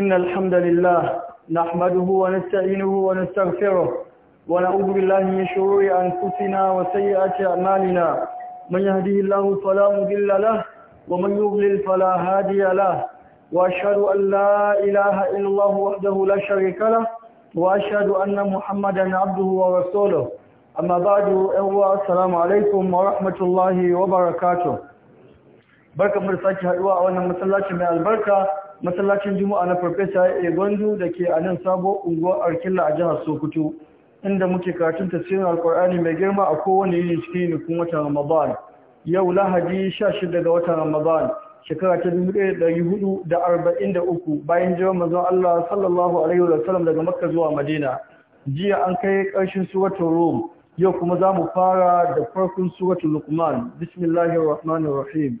إن الحمد لله نحمده ونستعينه ونستغفره ونعوذ بالله من شرور أنفسنا وسيئات أعمالنا من يهديه الله فلا مضل له ومن يضلل فلا هادي له وأشهد أن لا إله إلا الله وحده لا شريك له وأشهد أن محمدا عبده ورسوله أما بعد أهوى السلام عليكم ورحمة الله وبركاته بركة مرساتي هدواء وانا مسلاتي من البركة masallacin juma'a na farfesa ya gwandu da ke a nan sabo unguwar arkilla a jihar sokoto inda muke karatun tasirin alkur'ani mai girma a kowane yini cikin nufin wata ramadan yau lahadi 16 ga watan ramadan shekara ta 1443 bayan jiran mazan allah sallallahu alaihi sallam daga makka zuwa madina jiya an kai ƙarshen suratun rum yau kuma za mu fara da farkon suratun lukman bismillahir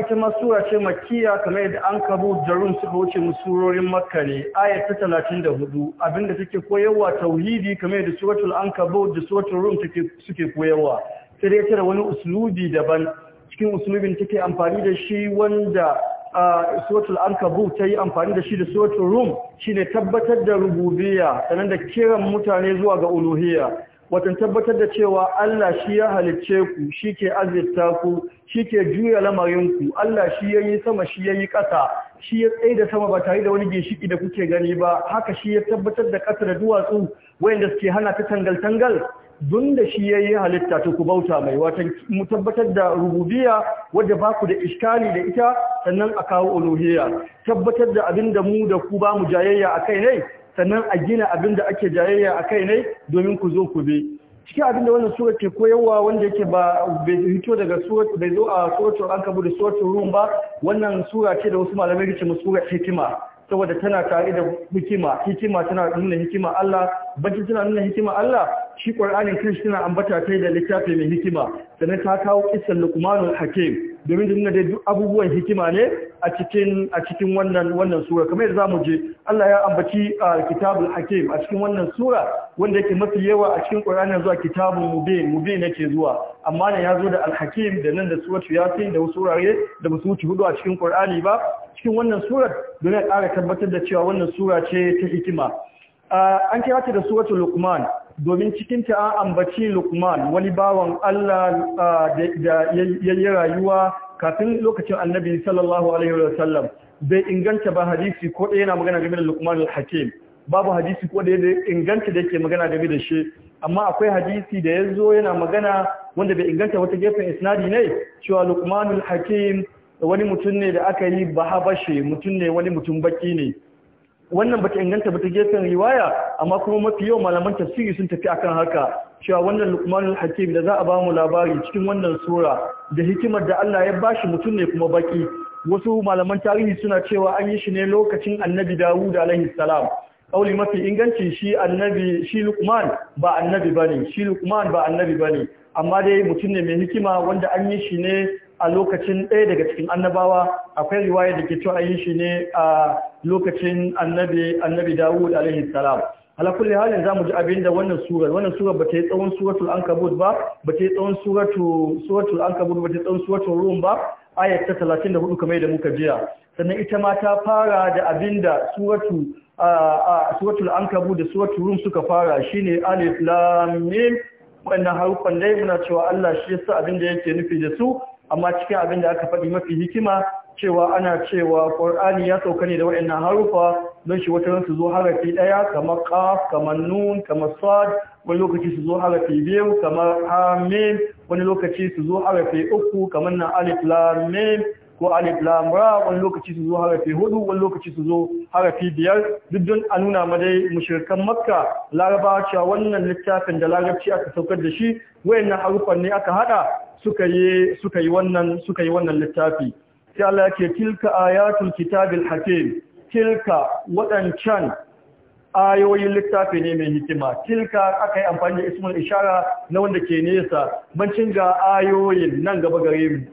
ita ma sura ce makkiya kamar yadda an kabu jarun suka wuce musurorin makka ne talatin ta hudu, abinda take koyarwa tauhidi kamar yadda suratul kabu da suratul rum take suke koyarwa sai dai tare wani uslubi daban cikin uslubin take amfani da shi wanda suratul kabu ta yi amfani da shi da suratul rum shine tabbatar da rububiyya sanan da kiran mutane zuwa ga uluhiyya watan tabbatar da cewa Allah shi ya halicce ku shi ke azirta ku shi ke juya lamarinku Allah shi ya yi sama shi ya yi ƙasa shi ya tsaye da sama ba tare da wani ginshiki da kuke gani ba haka shi ya tabbatar da ƙasa da duwatsu wayanda suke hana ta tangal-tangal don da shi ya yi halitta ta ku bauta mai watan mu tabbatar da rububiya wadda ba ku da iskali da ita sannan a kawo uluhiyya tabbatar da abin da mu da ku ba mu jayayya a kai ne sannan a gina abin da ake jayayya a kai ne domin ku zo ku bi cikin abin da wannan sura ke koyarwa wanda yake ba bai hito daga sura bai zo a sura an kabu da sura rum ba wannan sura ce da wasu malamai ke musu sura hikima saboda tana tare da hikima hikima tana nuna hikima Allah bakin tana nuna hikima Allah shi ƙwar'anin kristina ambata ta da littafi mai hikima sannan ta kawo kisan lukmanin hakim domin dinga da duk abubuwan hikima ne a cikin wannan sura kamar yadda zamu je Allah ya ambaci a kitabul hakim a cikin wannan sura wanda yake mafi yawa a cikin ƙwar'anin zuwa kitabul mubin mubin yake zuwa amma ne ya zo da al da nan da suratu yasin da wasu wurare da ba su wuce hudu a cikin ƙwar'ani ba cikin wannan surar don ya ƙara tabbatar da cewa wannan sura ce ta hikima an kira ta da suratul luqman domin cikin ta an ambaci Luqman wani bawan Allah da yi rayuwa kafin lokacin Annabi sallallahu alaihi wasallam bai inganta ba hadisi ko ɗaya yana magana game da Luqman al-Hakim babu hadisi ko da ya inganta da yake magana game da shi amma akwai hadisi da ya zo yana magana wanda bai inganta wata gefen isnadi ne cewa al hakim wani mutum ne da aka yi bahabashe mutum ne wani mutum baki ne wannan bata inganta bata gefen riwaya amma kuma mafi yawan malaman tafsiri sun tafi akan haka cewa wannan lukmanul hakim da za a bamu labari cikin wannan sura da hikimar da Allah ya bashi mutum ne kuma baki wasu malaman tarihi suna cewa an yi shi ne lokacin annabi Dawud alaihi salam kauli mafi inganci shi annabi shi lukman ba annabi bane shi lukman ba annabi bane amma dai mutum ne mai hikima wanda an yi shi ne a lokacin ɗaya daga cikin annabawa akwai riwaya da ke cewa yin shi ne a lokacin annabi annabi Dawud alaihi salam ala kulli halin zamu ji abin da wannan surar wannan surar bata yi tsawon suratul ankabut ba bata yi tsawon suratul suratul ankabut bata yi tsawon suratul rum ba ayat ta 34 kamar da muka jiya sannan ita ma ta fara da abin da suratul ankabut da suratul rum suka fara shine alif lam mim wannan haruffan dai muna cewa Allah shi yasa abin da yake nufi da su amma cikin abin da aka faɗi mafi hikima cewa ana cewa ƙor'ani ya sauka ne da waɗannan harufa don shi wata su zo harafi ɗaya kamar ƙaf kamar nun kamar sad wani lokaci su zo harafi biyu kamar hamim wani lokaci su zo harafi uku kamar na alif lamim ko alif lam ra wani lokaci su zo harafi hudu wani lokaci su zo harafi biyar duk don a nuna ma dai mushrikan makka Laraba, cewa wannan littafin da larabci aka saukar da shi wayannan harufan ne aka hada suka yi suka yi wannan suka yi wannan littafi sai Allah yake tilka ayatul kitabil hakim tilka wadancan ayoyin littafi ne mai hikima tilka aka yi amfani da ismul ishara na wanda ke nesa bancin ga ayoyin nan gaba gare mu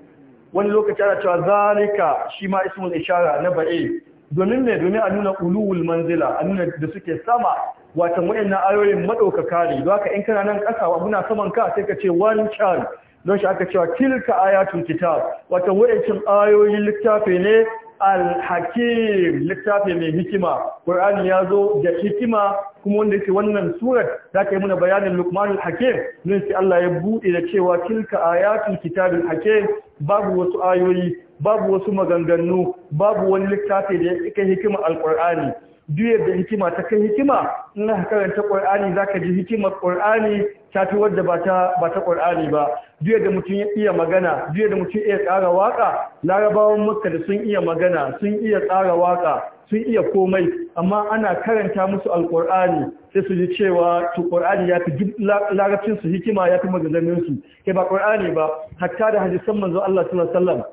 wani lokaci ana cewa zalika shi ma ismul ishara na ba'i domin ne domin a nuna ulul manzila a nuna da suke sama watan wayannan ayoyin madaukaka ne don haka in kana nan kasa wa muna saman ka sai ka ce wancan don shi aka cewa tilka ayatul kitab watan wayancin ayoyin littafi ne al-hakim littafi mai hikima Qur'ani ya zo da hikima kuma wanda yake wannan surar za ta yi mana bayanin Luqmanul Hakim don sai Allah ya bude da cewa tilka ayatul kitabil hakim babu wasu ayoyi babu wasu maganganu babu wani littafi da ya hikima alkur'ani Duyar da hikima ta kai hikima in aka karanta Qur'ani zaka ji hikimar Qur'ani ta fi wadda ba ta ba ta Qur'ani ba Duyar da mutum ya iya magana duyar da mutum iya tsara waka larabawan Makka da sun iya magana sun iya tsara waka sun iya komai amma ana karanta musu alkur'ani sai su ji cewa to qur'ani ya fi larabcin su hikima ya fi magazamin su kai ba qur'ani ba hatta da hadisan manzo Allah sallallahu alaihi wasallam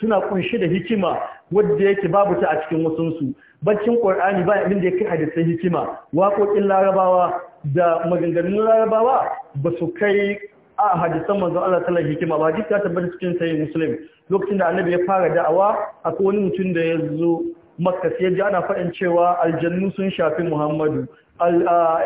suna kunshi da hikima wadda yake babu ta a cikin wasunsu baccin qur'ani ba abin da yake hadisai hikima waƙoƙin larabawa da maganganun larabawa ba su kai a hadisan manzon Allah ta hikima ba duk ta tabbata cikin sahih muslim lokacin da annabi ya fara da'awa akwai wani mutum da ya zo makka sai ji ana faɗin cewa aljannu sun shafi muhammadu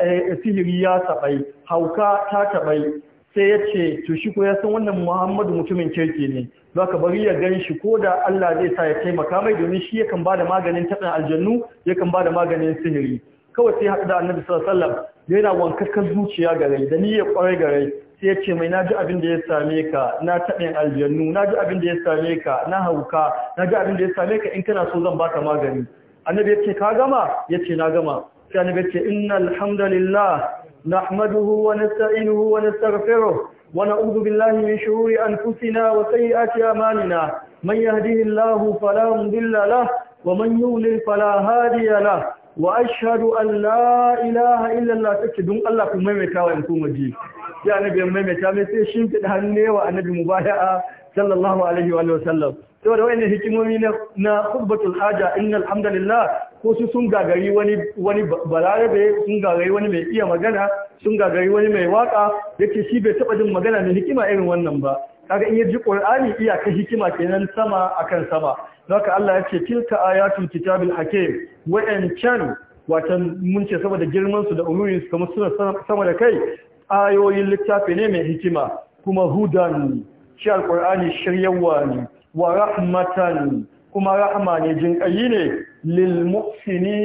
eh, sihiri ya taɓai hauka ta taɓai sai ya ce to shi ko ya san wannan Muhammadu mutumin kirki ne za ka bari ya gan shi ko da Allah zai sa ya taimaka mai domin shi yakan ba da maganin taɗin aljannu yakan ba da maganin sihiri kawai sai haɗu da annabi sallallahu alaihi yana wankakkar zuciya ga rai da niyyar ya ga rai sai ya ce mai na ji abin da ya same ka na taɓin aljannu na ji abin da ya same ka na hauka na ji abin da ya same ka in kana so zan baka magani annabi ya ce ka gama ya ce na gama sai annabi ya ce inna alhamdulillah نحمده ونستعينه ونستغفره ونعوذ بالله من شرور أنفسنا وسيئات أمالنا من يهديه الله فلا مضل له ومن يولل فلا هادي له وأشهد أن لا إله إلا الله تكدون الله كما ميكا وإنكم مجيب يعني بيان ميكا ميكا شمت الهنة وأنبي مبايعة صلى الله عليه وآله وسلم da wani hikimomi na na khutbatul haja inna alhamdulillah. ko su sun gagari wani balarabe sun gagari wani mai iya magana sun gagari wani mai waka yake shi bai taba jin magana mai hikima irin wannan ba kaga in yaji qur'ani iya ka hikima kenan sama akan sama haka Allah ya ce tilka ayatul kitabil hakim wa'ancan watan mun ce saboda girman su da umurin su kamar suna sama da kai ayoyin littafi ne mai hikima kuma hudan shi alqur'ani shiryawa wa rahmatan kuma rahma ne jinƙayi ne lil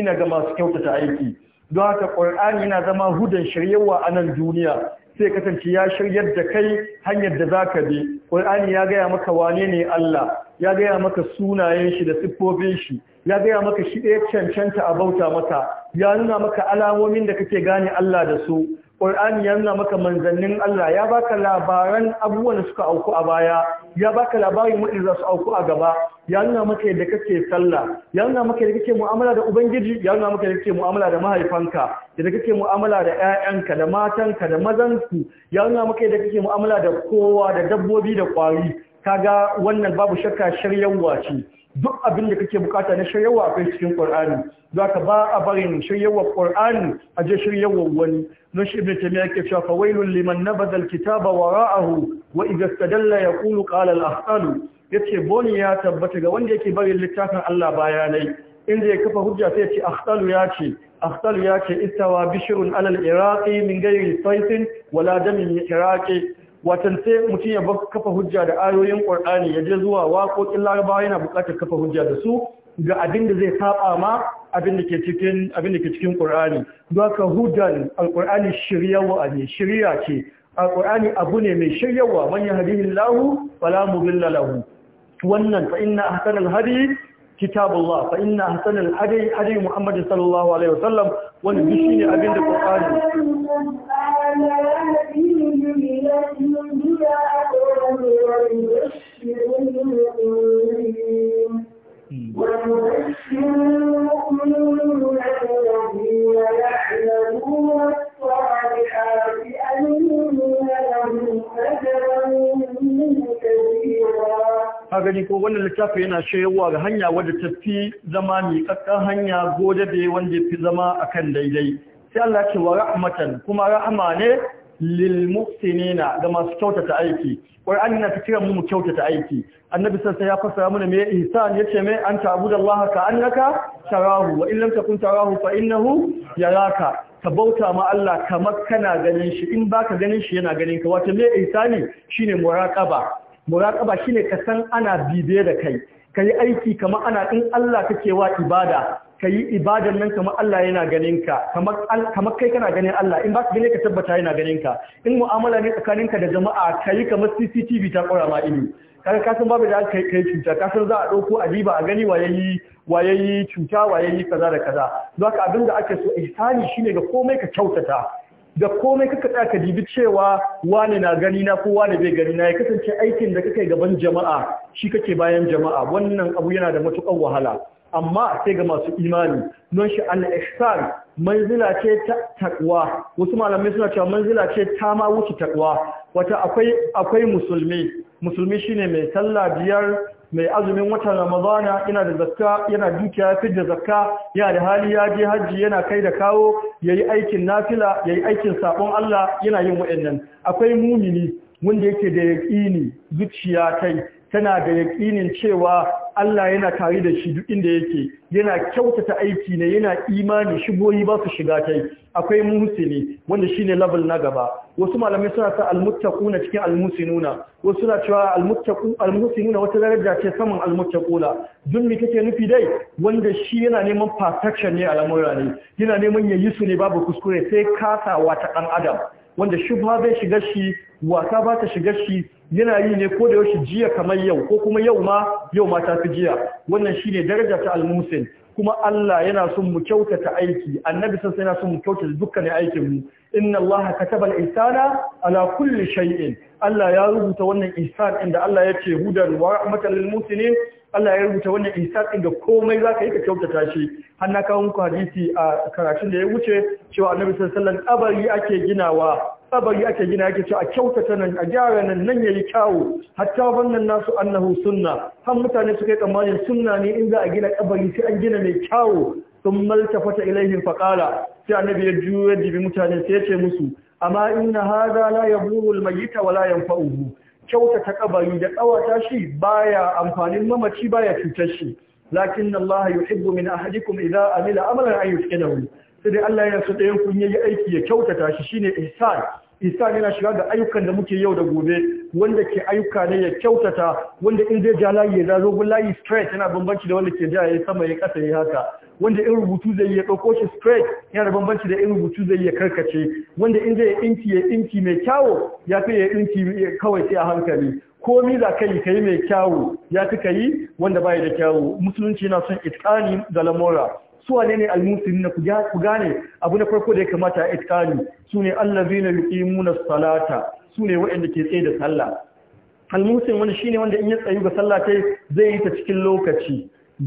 na ga masu kyautata aiki don haka ƙur'ani yana zama hudan shiryawa a nan duniya sai kasance ya shiryar da kai hanyar da za ka bi ƙur'ani ya gaya maka wane ne Allah ya gaya maka sunayen shi da siffofin shi ya gaya maka shi ɗaya cancanta a bauta maka ya nuna maka alamomin da kake gane Allah da su Qur'ani ya nuna maka manzannin Allah ya baka labaran abubuwan da suka auku a baya ya baka labarin waɗanda za su auku a gaba ya nuna maka yadda kake sallah ya nuna maka yadda kake mu'amala da ubangiji ya nuna maka yadda kake mu'amala da mahaifanka yadda kake mu'amala da ƴaƴanka da matanka da mazanku ya nuna maka yadda kake mu'amala da kowa da dabbobi da ƙwari kaga wannan babu shakka shiryawa ce duk abin da kake bukata na shiryawa akwai cikin Qur'ani zaka ba a barin shiryawa Qur'ani a je shiryawa wani don shi ibn Taymiyyah yake cewa fawailul liman nabada alkitaba wara'ahu wa idha istadalla yaqulu qala al yace boni ya tabbata ga wanda yake barin littafin Allah bayanai in zai kafa hujja sai ya ce Asalu ya ce ahsan ya ce istawa bishrun alal iraqi min ghairi sayfin wala damin iraqi watan sai mutum ya kafa hujja da ayoyin Qur'ani ya je zuwa waƙoƙin Larabawa yana buƙatar kafa hujja da su ga abin da zai saba ma abin da ke cikin abin da ke cikin Qur'ani don haka hudan alqur'ani shiryawa ne shiriya ce alqur'ani abu ne mai shiryawa man yahdihillahu fala billa lahu wannan fa inna ahsanal hadi kitabullah fa inna ahsanal hadi hadi Muhammad sallallahu alaihi wasallam wannan shine abin da Qur'ani gani ko wannan littafi yana shayarwa ga hanya wadda ta fi zama mai ƙaƙƙan hanya gode da wanda ya fi zama akan daidai sai Allah ce wa rahmatan kuma rahama ne lilmuhsinina ga masu kyautata aiki qur'ani na kiran mu kyautata aiki annabi sallallahu ya fasa mana me ihsan yace me an ta'budallaha ka annaka tarahu wa in lamta takun tarahu fa innahu yaraka ka bauta ma Allah kamar kana ganin shi in baka ganin shi yana ganin ka wato me ihsani shine muraqaba muraqaba shine ka san ana bibe da kai ka aiki kamar ana in Allah kake wa ibada ka yi ibadan nan kamar Allah yana ganin ka kamar kai kana ganin Allah in ba ka gane ka tabbata yana ganin ka in mu'amala ne tsakaninka da jama'a ka yi kamar CCTV ta ƙwara ma ido kaga kasan babu da kai kai cuta kasan za a ɗauko a diba a gani wayayi yi cuta wayayi kaza da kaza don haka abin da ake so ihsani shine ga komai ka kyautata da komai kaka tsaya ka dibi cewa wane na gani na ko wane bai gani na ya kasance aikin da kake gaban jama'a shi kake bayan jama'a wannan abu yana da matuƙar wahala amma sai ga masu imani don shi al-ihsan manzila ce ta takwa wasu malamai suna cewa manzila ce ta ma wuce takwa wata akwai akwai musulmi musulmi shine mai sallah biyar mai azumin watan ramadana yana da zakka yana dukiya fi da zakka yana da hali ya je hajji yana kai da kawo yayi aikin nafila yayi aikin sabon Allah yana yin wa'annan akwai mumini wanda yake da yaqini zuciya tai tana da yaƙinin cewa Allah yana tare da shi duk inda yake yana kyautata aiki ne yana imani shigoyi ba su shiga kai akwai musulmi wanda shine level na gaba wasu malamai suna sa almuttaquna cikin almusinuna wasu suna cewa almuttaqu almusinuna wata daraja ce saman almuttaquna zulmi kake nufi dai wanda shi yana neman perfection ne a lamura ne yana neman yayi su ne babu kuskure sai kasawa ta dan adam wanda shubha zai shiga shi wasa ba ta shiga shi yana yi ne ko da yaushe jiya kamar yau ko kuma yau ma yau ma ta fi jiya wannan shine daraja ta almusin. kuma Allah yana son mu kyautata aiki annabi sun yana son mu kyautata dukkanin aikin mu inna Allah kataba al-ihsana ala kulli shay'in Allah ya rubuta wannan ihsan inda Allah ya ce hudan wa rahmatan lil Allah ya rubuta wannan ihsan inda komai zaka yi ka kyautata shi har na kawo muku hadisi a karatun da ya wuce cewa annabi sallallahu alaihi wasallam kabari ake ginawa kabari ake gina yake cewa a kyautata nan a gyara nan nan yayi kyawu hatta wannan nasu annahu sunna har mutane suka yi tsammanin sunna ne in za a gina kabari sai an gina mai kyawu sun maltafata ilaihim faqala sai annabi ya juyo dibi mutane sai ya ce musu amma inna hadha la mai almayyita wala yanfa'uhu kyautata kabari da kawata shi baya amfanin mamaci baya cutar shi lakin Allah yuhibbu min ahadikum idza amila amalan an yusqinahu sai Allah ya so ɗayan kun yi aiki ya kyautata shi shine ihsan ihsan yana shiga da ayyukan da muke yau da gobe wanda ke ayyuka ne ya kyautata wanda in zai ja layi ya zo gun layi straight yana bambanci da wanda ke ja ya sama ya kasa ya haka wanda in rubutu zai ya ɗauko shi straight yana bambanci da in rubutu zai ya karkace wanda in zai inci ya inci mai kyawu ya fi ya inci kawai sai a hankali Ko mi za ka yi kai mai kyawu ya fi ka yi wanda baya da kyawu musulunci yana son itkani da lamora su wane ne almusulmi ku gane abu na farko da ya kamata a itkani su ne na yuqimuna salata su ne waɗanda ke tsaye da sallah almusulmi wani shine wanda in ya tsayu ga sallah kai zai yi ta cikin lokaci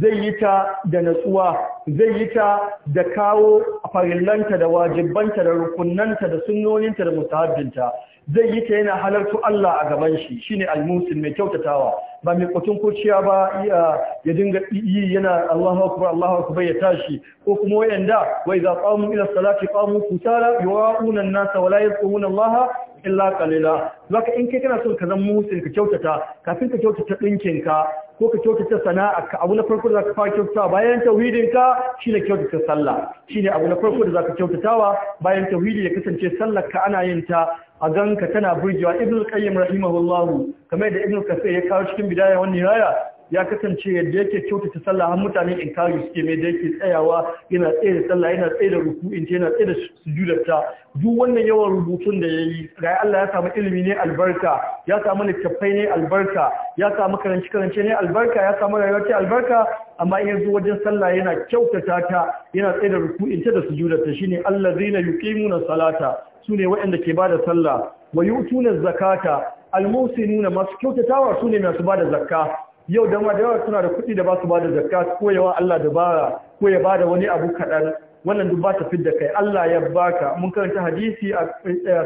zai yi ta da natsuwa zai yi ta da kawo farillanta da wajibanta da rukunanta da sunnoninta da musahabinta zai yi ta yana halartu Allah a gaban shi Shi shine almusin mai kyautatawa ba mai kwatun kurciya ba ya dinga yi yana Allahu allah Allahu bai ya tashi ko kuma wayanda wai za qamu ila salati qamu kusala yu'auna unan nasa wa la tsohon Allah illa qalila zaka in kai kana son ka zama musin ka kyautata kafin ka kyautata ɗinkinka. ka ko ka kyautata sana'a ka abu na farko da za ka fara kyautatawa bayan tauhidin ka shine kyautata sallah shine abu na farko da zaka kyautatawa bayan tauhidi ya kasance sallar ka ana yin ta a ganka tana burgewa ibnu qayyim rahimahullahu kamar da ibnu kasir ya kawo cikin bidaya wannan raya ya kasance yadda yake kyautata sallah har mutane in kawo suke mai da yake tsayawa yana tsaye da sallah yana tsaye da ruku'in yana tsaye da sujudarta duk wannan yawan rubutun da ya yi. ga Allah ya samu ilimi ne albarka ya samu littattafai ne albarka ya samu karanci karance ne albarka ya samu rayuwa ce albarka amma in yanzu wajen sallah yana kyautata ta yana tsaye da ruku'in ta da sujudarta shine allazina yuqimuna salata sune waɗanda ke bada sallah wa yutuna zakata almusinuna masu kyautatawa su ne masu bada zakka yau da ma da yawa suna da kuɗi da ba su ba da zakka ko yawa Allah da bara ko ya ba da wani abu kaɗan wannan duk ba ta fidda kai Allah ya baka mun karanta hadisi a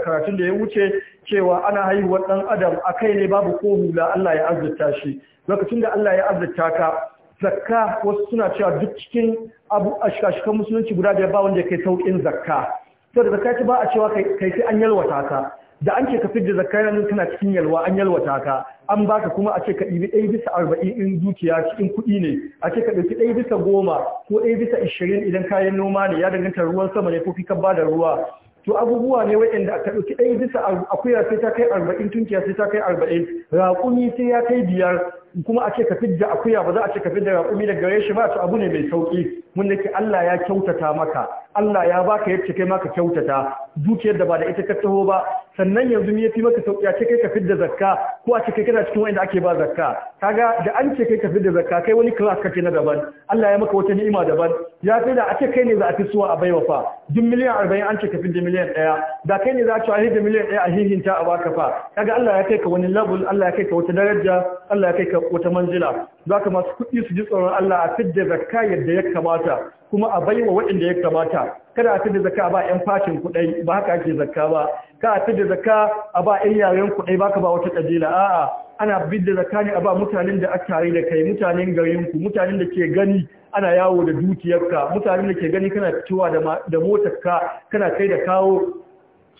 karatun da ya wuce cewa ana haihuwar ɗan adam a kai ne babu ko hula Allah ya azurta shi lokacin da Allah ya azurta ka zakka wasu suna cewa duk cikin abu a musulunci guda da ba wanda ya kai sauƙin zakka da zakka ta ba a cewa kai sai an yalwata ka da an ce ka fidda zakkai nan tana cikin yalwa an yalwata ka an baka kuma a ce ka ɗibi ɗaya bisa arba'in in dukiya cikin kuɗi ne a ce ka ɗauki ɗaya bisa goma ko ɗaya bisa ishirin idan kayan noma ne ya danganta ruwan sama ne ko kika ba da ruwa to abubuwa ne waɗanda ka ɗauki ɗaya bisa akuya sai ta kai arba'in tunkiya sai ta kai arba'in raƙumi sai ya kai biyar kuma a ce ka fidda akuya ba za a ce ka fidda raƙumi daga gare shi ba to abu ne mai sauƙi mun da Allah ya kyautata maka Allah ya baka yace kai maka kyautata dukiyar da ba da ita ka taho ba sannan yanzu ya fi maka sauki a ce kai ka fidda zakka ko a ce kai kana cikin wanda ake ba zakka kaga da an ce kai ka fidda zakka kai wani class kake na daban Allah ya maka wata ni'ima daban ya fi da a ce kai ne za a fi suwa a baiwa fa duk miliyan 40 an ce ka fidda miliyan 1 da kai ne za a ci a hidda miliyan 1 a hihinta a baka fa kaga Allah ya kai ka wani level Allah ya kai ka wata daraja Allah ya kai ka wata manzila zaka masu kuɗi su ji tsoron Allah a fidda zakka yadda ya kamata kuma a bai wa waɗanda ya kamata kada a fi da zakka ba 'yan fashin kuɗai ba haka ake zaka ba kada a fi da zaka a ba 'yan yaren kuɗai ba ka ba wata ƙajila a'a ana fidda zaka ne a ba mutanen da aka tare da kai mutanen garinku mutanen da ke gani ana yawo da dukiyarka mutanen da ke gani kana fitowa da motarka kana kai da kawo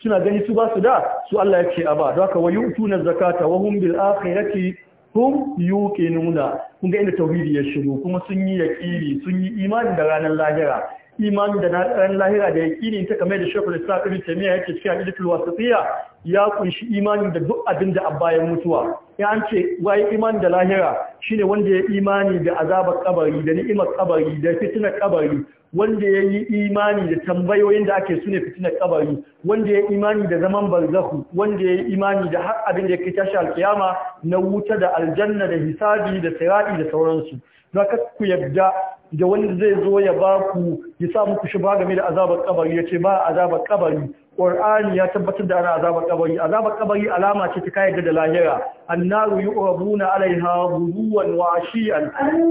suna gani su ba su da su Allah ya ce a ba don haka wa yu'tuna zakata wa hum bil akhirati hum nuna kun ga inda tauhidi ya shigo kuma sun yi yaqini sun yi imani da ranar lahira imani da ranar lahira da yaqini ta kamar da shekaru Islam Ibn tamiya yake cikin al wasatiya ya kunshi imani da duk abin da abbayan mutuwa ya an ce wai imani da lahira shine wanda ya imani da azabar kabari da ni'imar kabari da fitinar kabari wanda ya yi imani da tambayoyin da ake sune fitinar kabari wanda ya yi imani da zaman barzahu wanda ya yi imani da har abin da ya kai tashi alkiyama na wuta da aljanna da hisabi da sira'i da sauransu za ka ku yadda da wanda zai zo ya ba ku ya sa muku shi ba game da azabar kabari ya ce ba azabar kabari Qur'ani ya tabbatar da ana azabar ƙabari. azabar ƙabari alama ce ta kayi da lahira annaru yu'rabuna alaiha alai ha ashiyan wa shi an ƙarfi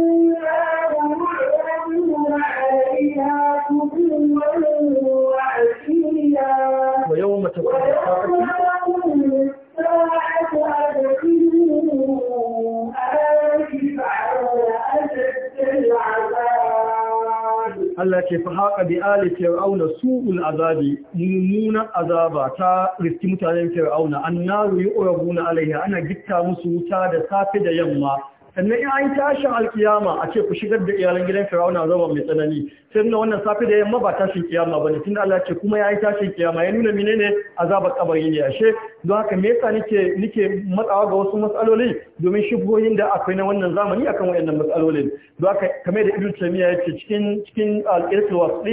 Allah ke fa bi ali fir'auna su'ul azabi mummunan azaba ta riski mutanen fir'auna annaru yu'rabuna alaiha ana gitta musu wuta da safe da yamma sannan in an tashin alkiyama a ce ku shigar da iyalan gidan firawuna zama mai tsanani sai nuna wannan safi da yamma ba tashin kiyama ba bane tun Allah ce kuma ya yayi tashin kiyama ya nuna mine ne azabar kabari ne ashe don haka me yasa nike nike matsawa ga wasu matsaloli domin shubhoyin da akwai na wannan zamani akan wayannan matsalolin don haka kamar da Ibn ya yace cikin cikin al-Irsul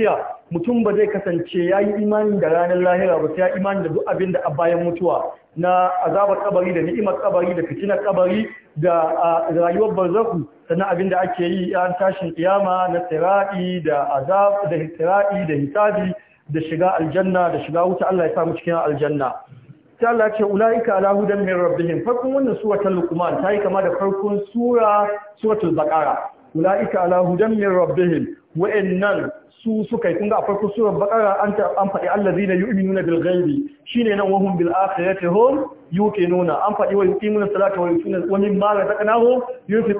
mutum ba zai kasance ya yi imani da ranar lahira ba sai ya imani da duk abin da a bayan mutuwa na azabar kabari da ni'imar kabari da fitinar kabari da rayuwar barzaku sannan abin da ake yi an tashin kiyama na tsira'i da azab da tsira'i da hisabi da shiga aljanna da shiga wuta Allah ya samu cikin aljanna ta Allah ce ulaika ala hudan min rabbihim farkon wannan suratul luqman ta yi kama da farkon sura suratul baqara ulaika ala hudan min rabbihim wa'annan su suka yi kun ga farko kusurar bakara an ta an faɗi allazina yu'minuna bil ghaibi shine nan wahum bil akhirati hum nuna. an faɗi wa yuqimuna salata wa yu'tuna wa mimma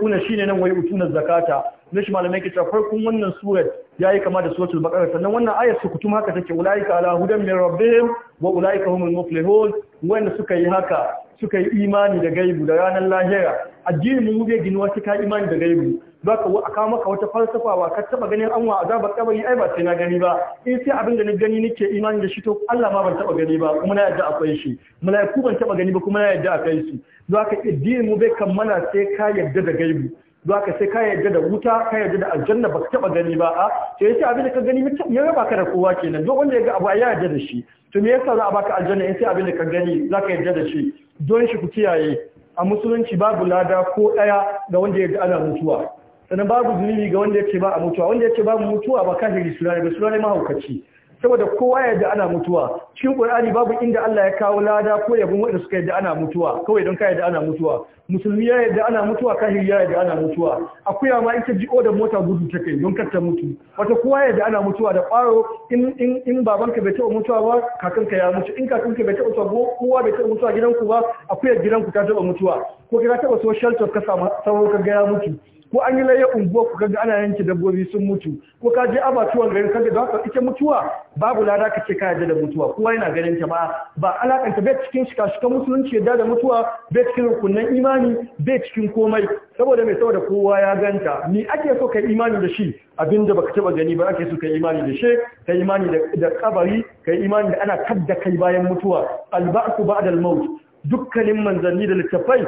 kuna shi shine nan wa yu'tuna zakata shi malamai ke cewa farkon wannan surar yayi kama da suratul bakara sannan wannan ayar su kutum haka take ulaika ala hudan min rabbihim wa ulaika humul muflihun wanda suka yi haka suka yi imani da gaibu da ranar lahira addinin mu bai ginuwa suka imani da gaibu za ka a kawo maka wata falsafa wa ka taba ganin anwa azabar kabari ai ba sai na gani ba in sai abin da ni gani nake imani da shi to Allah ma ban taba gani ba kuma na yadda akwai shi mala'iku ban taba gani ba kuma na yadda akwai shi za ka addini mu bai kammala sai ka yadda da gaibu za ka sai ka yadda da wuta ka yadda da aljanna ba ka taba gani ba a to yace abin da ka gani ya raba ka da kowa kenan duk wanda ya ga abu ya yadda da shi to me yasa za a baka aljanna in sai abin da ka gani za ka yadda da shi don shi ku kiyaye a musulunci babu lada ko daya ga wanda ya ga ana mutuwa sannan babu zunubi ga wanda yake ba a mutuwa wanda yake ba mu mutuwa ba kafiri sunare ba sunare mahaukaci saboda kowa yadda ana mutuwa cikin qur'ani babu inda Allah ya kawo lada ko ya bin wanda suka yadda ana mutuwa kawai don ka yadda ana mutuwa musulmi ya yadda ana mutuwa kafiri ya yadda ana mutuwa akuya ma ita ji da mota gudu ta kai don kar ta mutu wata kowa yadda ana mutuwa da ƙwaro in in in babanka bai taɓa mutuwa ba kakanka ya mutu in kakanka bai taɓa mutuwa kowa bai taɓa mutuwa gidanku ba akuyar gidanku ta taɓa mutuwa ko kira taɓa social shelter ka samu sauro ka ga ya mutu ko an yi laye unguwa ku kaga ana yanke dabbobi sun mutu ko ka je abatuwan gari kaga da haka ita mutuwa babu lada ka ce kaya da mutuwa kowa yana ganin ta ba ba alakanta bai cikin shika shikan musulunci ya da mutuwa bai cikin rukunan imani bai cikin komai saboda mai saboda kowa ya ganta ni ake so kai imani da shi abinda baka taba gani ba ake so kai imani da shi kai imani da kabari kai imani da ana kadda kai bayan mutuwa alba'su ba'dal maut dukkanin manzanni da littafai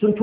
sun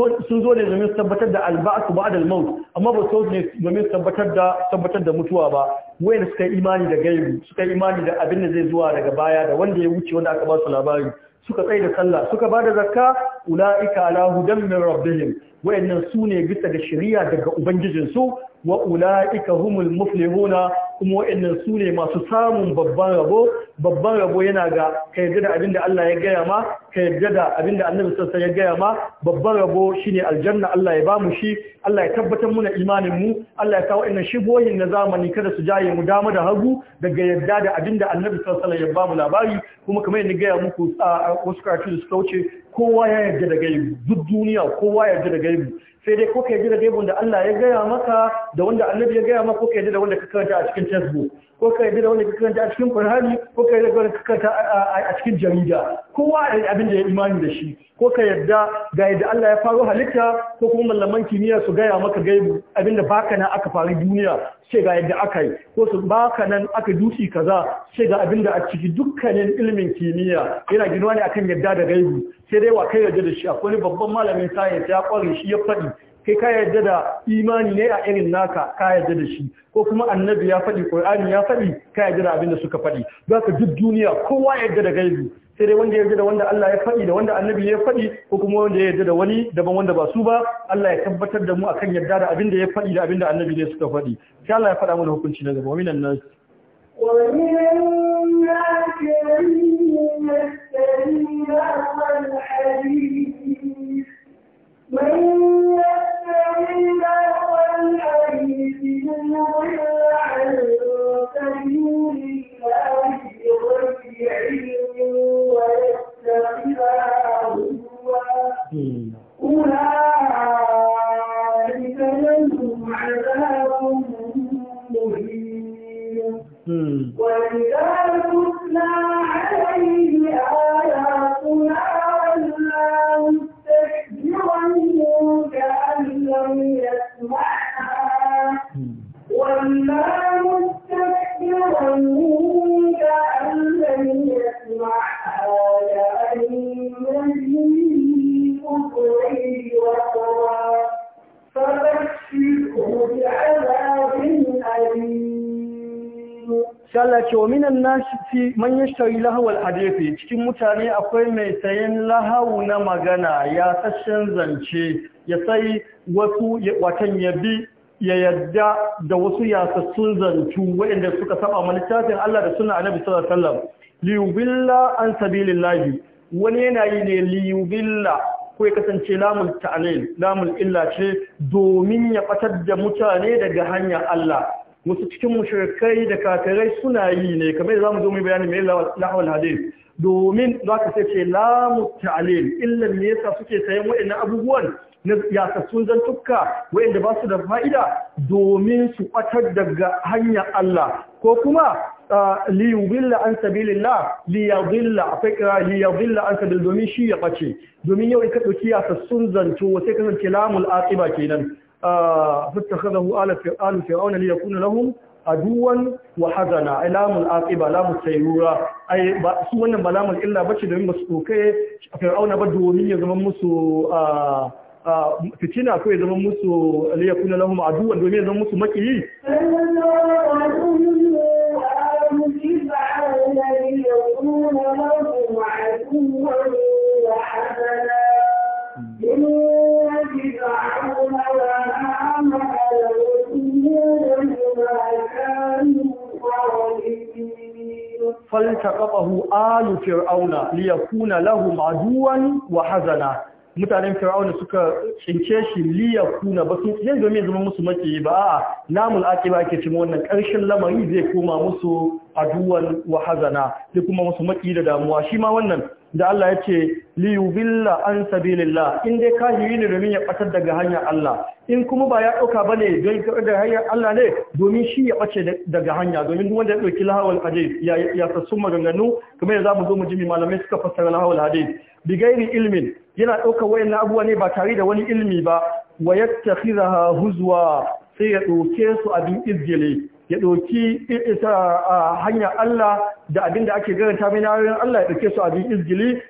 zo ne domin su tabbatar da alba'atu ba'da al-maut amma ba su ne domin su tabbatar da tabbatar da mutuwa ba wayanda suka yi imani da gaibi suka imani da abin da zai zuwa daga baya da wanda ya wuce wanda aka ba su labari suka tsaye da sallah suka ba da zakka ula'ika ala hudan min rabbihim wayannan su ne bisa ga shari'a daga ubangijinsu wa ula'ika humul muflihuna kuma wayannan su ne masu samun babban rabo babban rabo yana ga ka yarda da abinda Allah ya gaya ma ka yarda da abinda Annabi sallallahu ya gaya ma babban rabo shine aljanna Allah ya bamu shi Allah ya tabbatar muna imanin mu Allah ya kawo wayannan shibohin na zamani kada su jaye mu dama da hagu daga yarda da abinda Annabi sallallahu ya bamu labari kuma kamar yadda gaya muku wasu karatu da suka wuce kowa ya yarda da gaibu duk duniya kowa ya yarda da gaibu sai dai ko ka yarda da gaibun da Allah ya gaya maka da wanda annabi ya gaya maka ko ka yarda da wanda ka karanta a cikin textbook ko ka yarda da wanda ka karanta a cikin Qur'ani ko ka yarda da wanda ka karanta a cikin jarida kowa abin da ya imani da shi ko ka yarda ga yadda Allah ya faro halitta ko kuma malaman kimiyya su gaya maka gaibu abinda baka nan aka faru duniya ce ga yadda aka yi ko su baka nan aka dusi kaza ce ga abinda a ciki dukkanin ilimin kimiyya yana ginuwa ne akan yarda da gaibu sai dai wa kai yarda da shi akwai babban malamin science ya kware shi ya faɗi kai ka yarda da imani ne a irin naka ka yarda da shi ko kuma annabi ya faɗi qur'ani ya faɗi ka yarda da abin da suka faɗi zaka duk duniya kowa yarda da gaibi sai dai wanda ya yarda da wanda Allah ya faɗi da wanda annabi ya faɗi ko kuma wanda ya yarda da wani daban wanda ba su ba Allah ya tabbatar da mu akan yarda da abin da ya faɗi da abin da annabi ne suka faɗi sai Allah ya faɗa mana hukunci na gaba minan nasu ومن الناس من يستريد الحديث من يستريد الحديث يضل عن سبيل الله بغير علم ويتخذها هزوا أولئك لهم عذاب وإذا تتلى عليه آياتنا ولا مستكبرا كأن لم يسمعها ولا مستكبرا كأن لم يسمعها كأن يجيء قريب وقوى فبشره بعذاب أليم sai Allah ce wa minan ci manyan yashtari lahawar hadithi cikin mutane akwai mai sayan lahawu na magana ya sashen zance ya sai wasu watan ya bi ya yadda da wasu sassun zantu waɗanda suka saba mani littafin Allah da suna Annabi sallallahu alaihi wasallam liyubilla an sabilillahi wani yana ne liyubilla ko ya kasance lamul ta'lil lamul illa ce domin ya fatar da mutane daga hanyar Allah wasu cikin mushrikai da kafirai suna yi ne kamar zamu zo mu bayani mai lahawal hadith domin ka sai ce la muta'alil illa me yasa suke sayan wa'annan abubuwan na yasassun zantukka wa'anda ba su da fa'ida domin su kwatar daga hanyar Allah ko kuma li yudilla an sabilillah li yudilla afika li yudilla an domin shi ya bace domin yau in ka dauki yasassun zanto sai kasance lamul aqiba kenan فاتخذه آل آل فرعون ليكون لهم aduwan wa hazana ai aqiba lamun sayrura ai ba su wannan ba lamun illa bace domin basu kokaye fir'auna ba domin ya zama musu fitina ko ya zama musu liyakuna lahum aduwan domin ya zama musu makiyi إن فالتقطه آل فرعون ليكون لهم عدوا وحزنا mutanen fir'auna suka cince shi liya kuna ba sun yin zama musu maki ba a namul ba ke cin wannan Karshen lamari zai koma musu aduwan wa hazana zai kuma musu maki da damuwa shi ma wannan da Allah ya ce liyubilla an sabilillah in dai yi ne domin ya batar daga hanyar Allah in kuma ba ya ɗauka dauka ne don da hanyar Allah ne domin shi ya bace daga hanya domin wanda ya ɗauki lahawar hadith ya ya sassu maganganu kuma yanzu mu zo mu ji malamai suka fassara lahawal hadith bi ilmin yana wayan na abuwa ne ba tare da wani ilmi ba wa yattakhidha huzwa sai ya ɗauke su abin izgile ya ɗauki hanyar Allah da abin da ake garanta ta nayoyin Allah ya ɗauke su abin izgili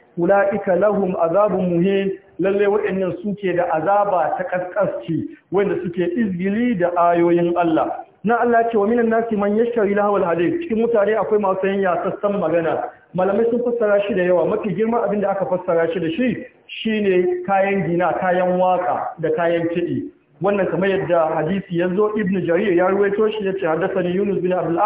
ika lahum azabun muhe, lallai waɗannan suke da azaba ta ƙasƙasci wanda suke izgili da ayoyin Allah na Allah ce wa minan nasi man yashari lahawar hadith cikin mutane akwai masu yin yasassan magana malamai sun fassara shi da yawa mafi girma abin da aka fassara shi da shi shine kayan gina kayan waka da kayan kiɗi وأنا kamar حديث hadisi yanzu جرير jarir ya ruwaito shi yace hadathani yunus bin abdul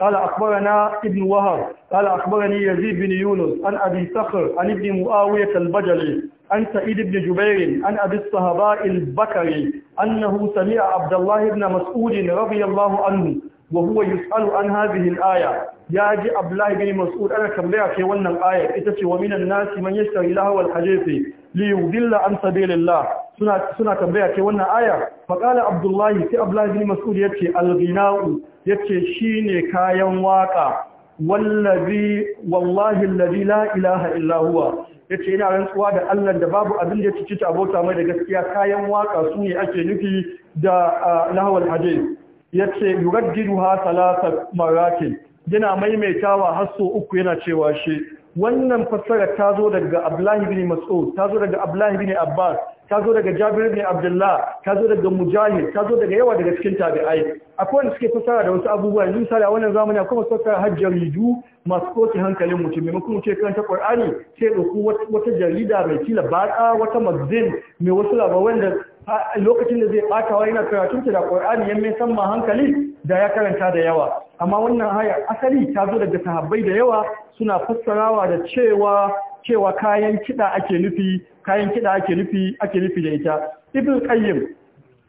قال أخبرنا ابن وهب قال أخبرني يزيد بن يونس عن أبي صخر عن ابن مؤاوية البجلي عن سعيد بن جبير عن أبي الصهباء البكري أنه سمع عبد الله بن مسعود رضي الله عنه وهو يسأل عن هذه الآية يا أجي عبد الله بن مسعود أنا كبير في ولنا الآية إتتي ومن الناس من يشتري لها والحديث liyudilla an sabilillah suna suna tambaya ta wannan aya fa abdullahi sai abdullahi bin mas'ud yace al yace shine kayan waka wallazi wallahi alladhi la ilaha illa huwa yace ina rantsuwa da Allah da babu abin da yake cita abota mai da gaskiya kayan waka su ne ake nufi da lahawal hadith yace yuraddiduha thalatha maratin yana maimaitawa har uku yana cewa shi wannan fassara ta zo daga Abdullahi bin Mas'ud ta zo daga Abdullahi bin Abbas ta zo daga Jabir bin Abdullah ta zo daga Mujahid ta zo daga yawa daga cikin tabi'ai akwai wanda suke fassara da wasu abubuwa yanzu misali a wannan zamani akwai masu fassara har jaridu masu koki hankalin mutum maimakon mutum karanta Qur'ani sai ɗauko wata jarida mai kila batsa wata magazine mai wasu labaran da lokacin da zai ɓatawa yana karatun ta da Qur'ani yan mai samma hankali da ya karanta da yawa amma wannan haya asali ta zo daga sahabbai da yawa suna fassarawa da cewa cewa kayan kida ake nufi kayan kida ake nufi ake nufi da ita Ibn Qayyim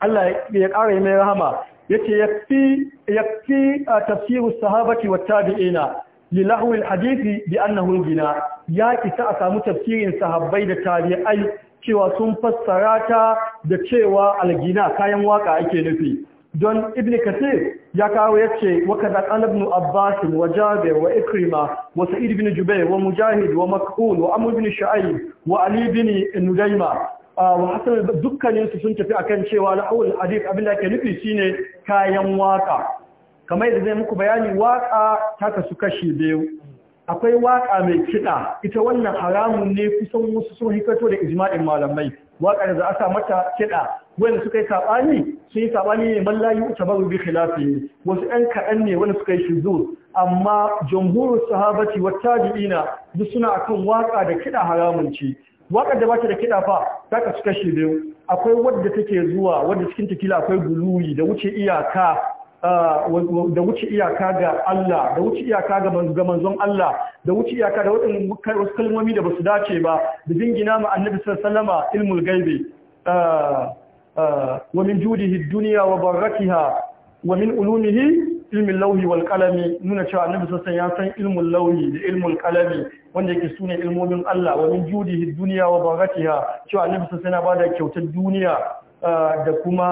Allah ya ƙara mai rahama yace yafi yafi tafsiru sahabati wat tabi'ina li al hadisi bi annahu gina ya isa a samu tafsirin sahabbai da tabi'ai cewa sun fassara ta da cewa algina kayan waka ake nufi don ibn kasir ya kawo ya ce wa da ibn abbas wa jabir wa ikrima wa sa'id bin jubair wa mujahid wa mak'ul wa amr bin shu'aib wa ali bin nudaima ah, wa hasan dukkanin su sun tafi akan cewa al-awl adib abin da ke nufi shine kayan waka kamar yadda zai muku bayani waka ta kasu kashi biyu akwai waka mai kiɗa ita wannan haramun ne kusan wasu sun hikato da ijma'in malamai waka da za a sa mata kiɗa wanda suka yi saɓani sun yi saɓani ne mallayi uta baru bi khilafi wasu ɗan kaɗan ne wanda suka yi shuzur amma jamhurin sahabati wa tabi'ina duk suna akan waka da kiɗa haramun ce waka da bata da kiɗa fa ka suka shi biyu akwai wadda take zuwa wadda cikin takila akwai guluyi da wuce iyaka da wuce iyaka ga Allah da wuce iyaka ga manzon Allah da wuce iyaka da wasu kalmomi da basu dace ba da jingina ma annabi sallama ilmul gaibi wa min judihi dunya wa barakaha wa min ulumihi ilmin lauhi wal qalami nuna cewa annabi sassan ya san ilmul lauhi da ilmul kalami wanda yake sune ilmomin Allah wa min judihi dunya wa baratiha cewa annabi sassan yana bada kyautar duniya da kuma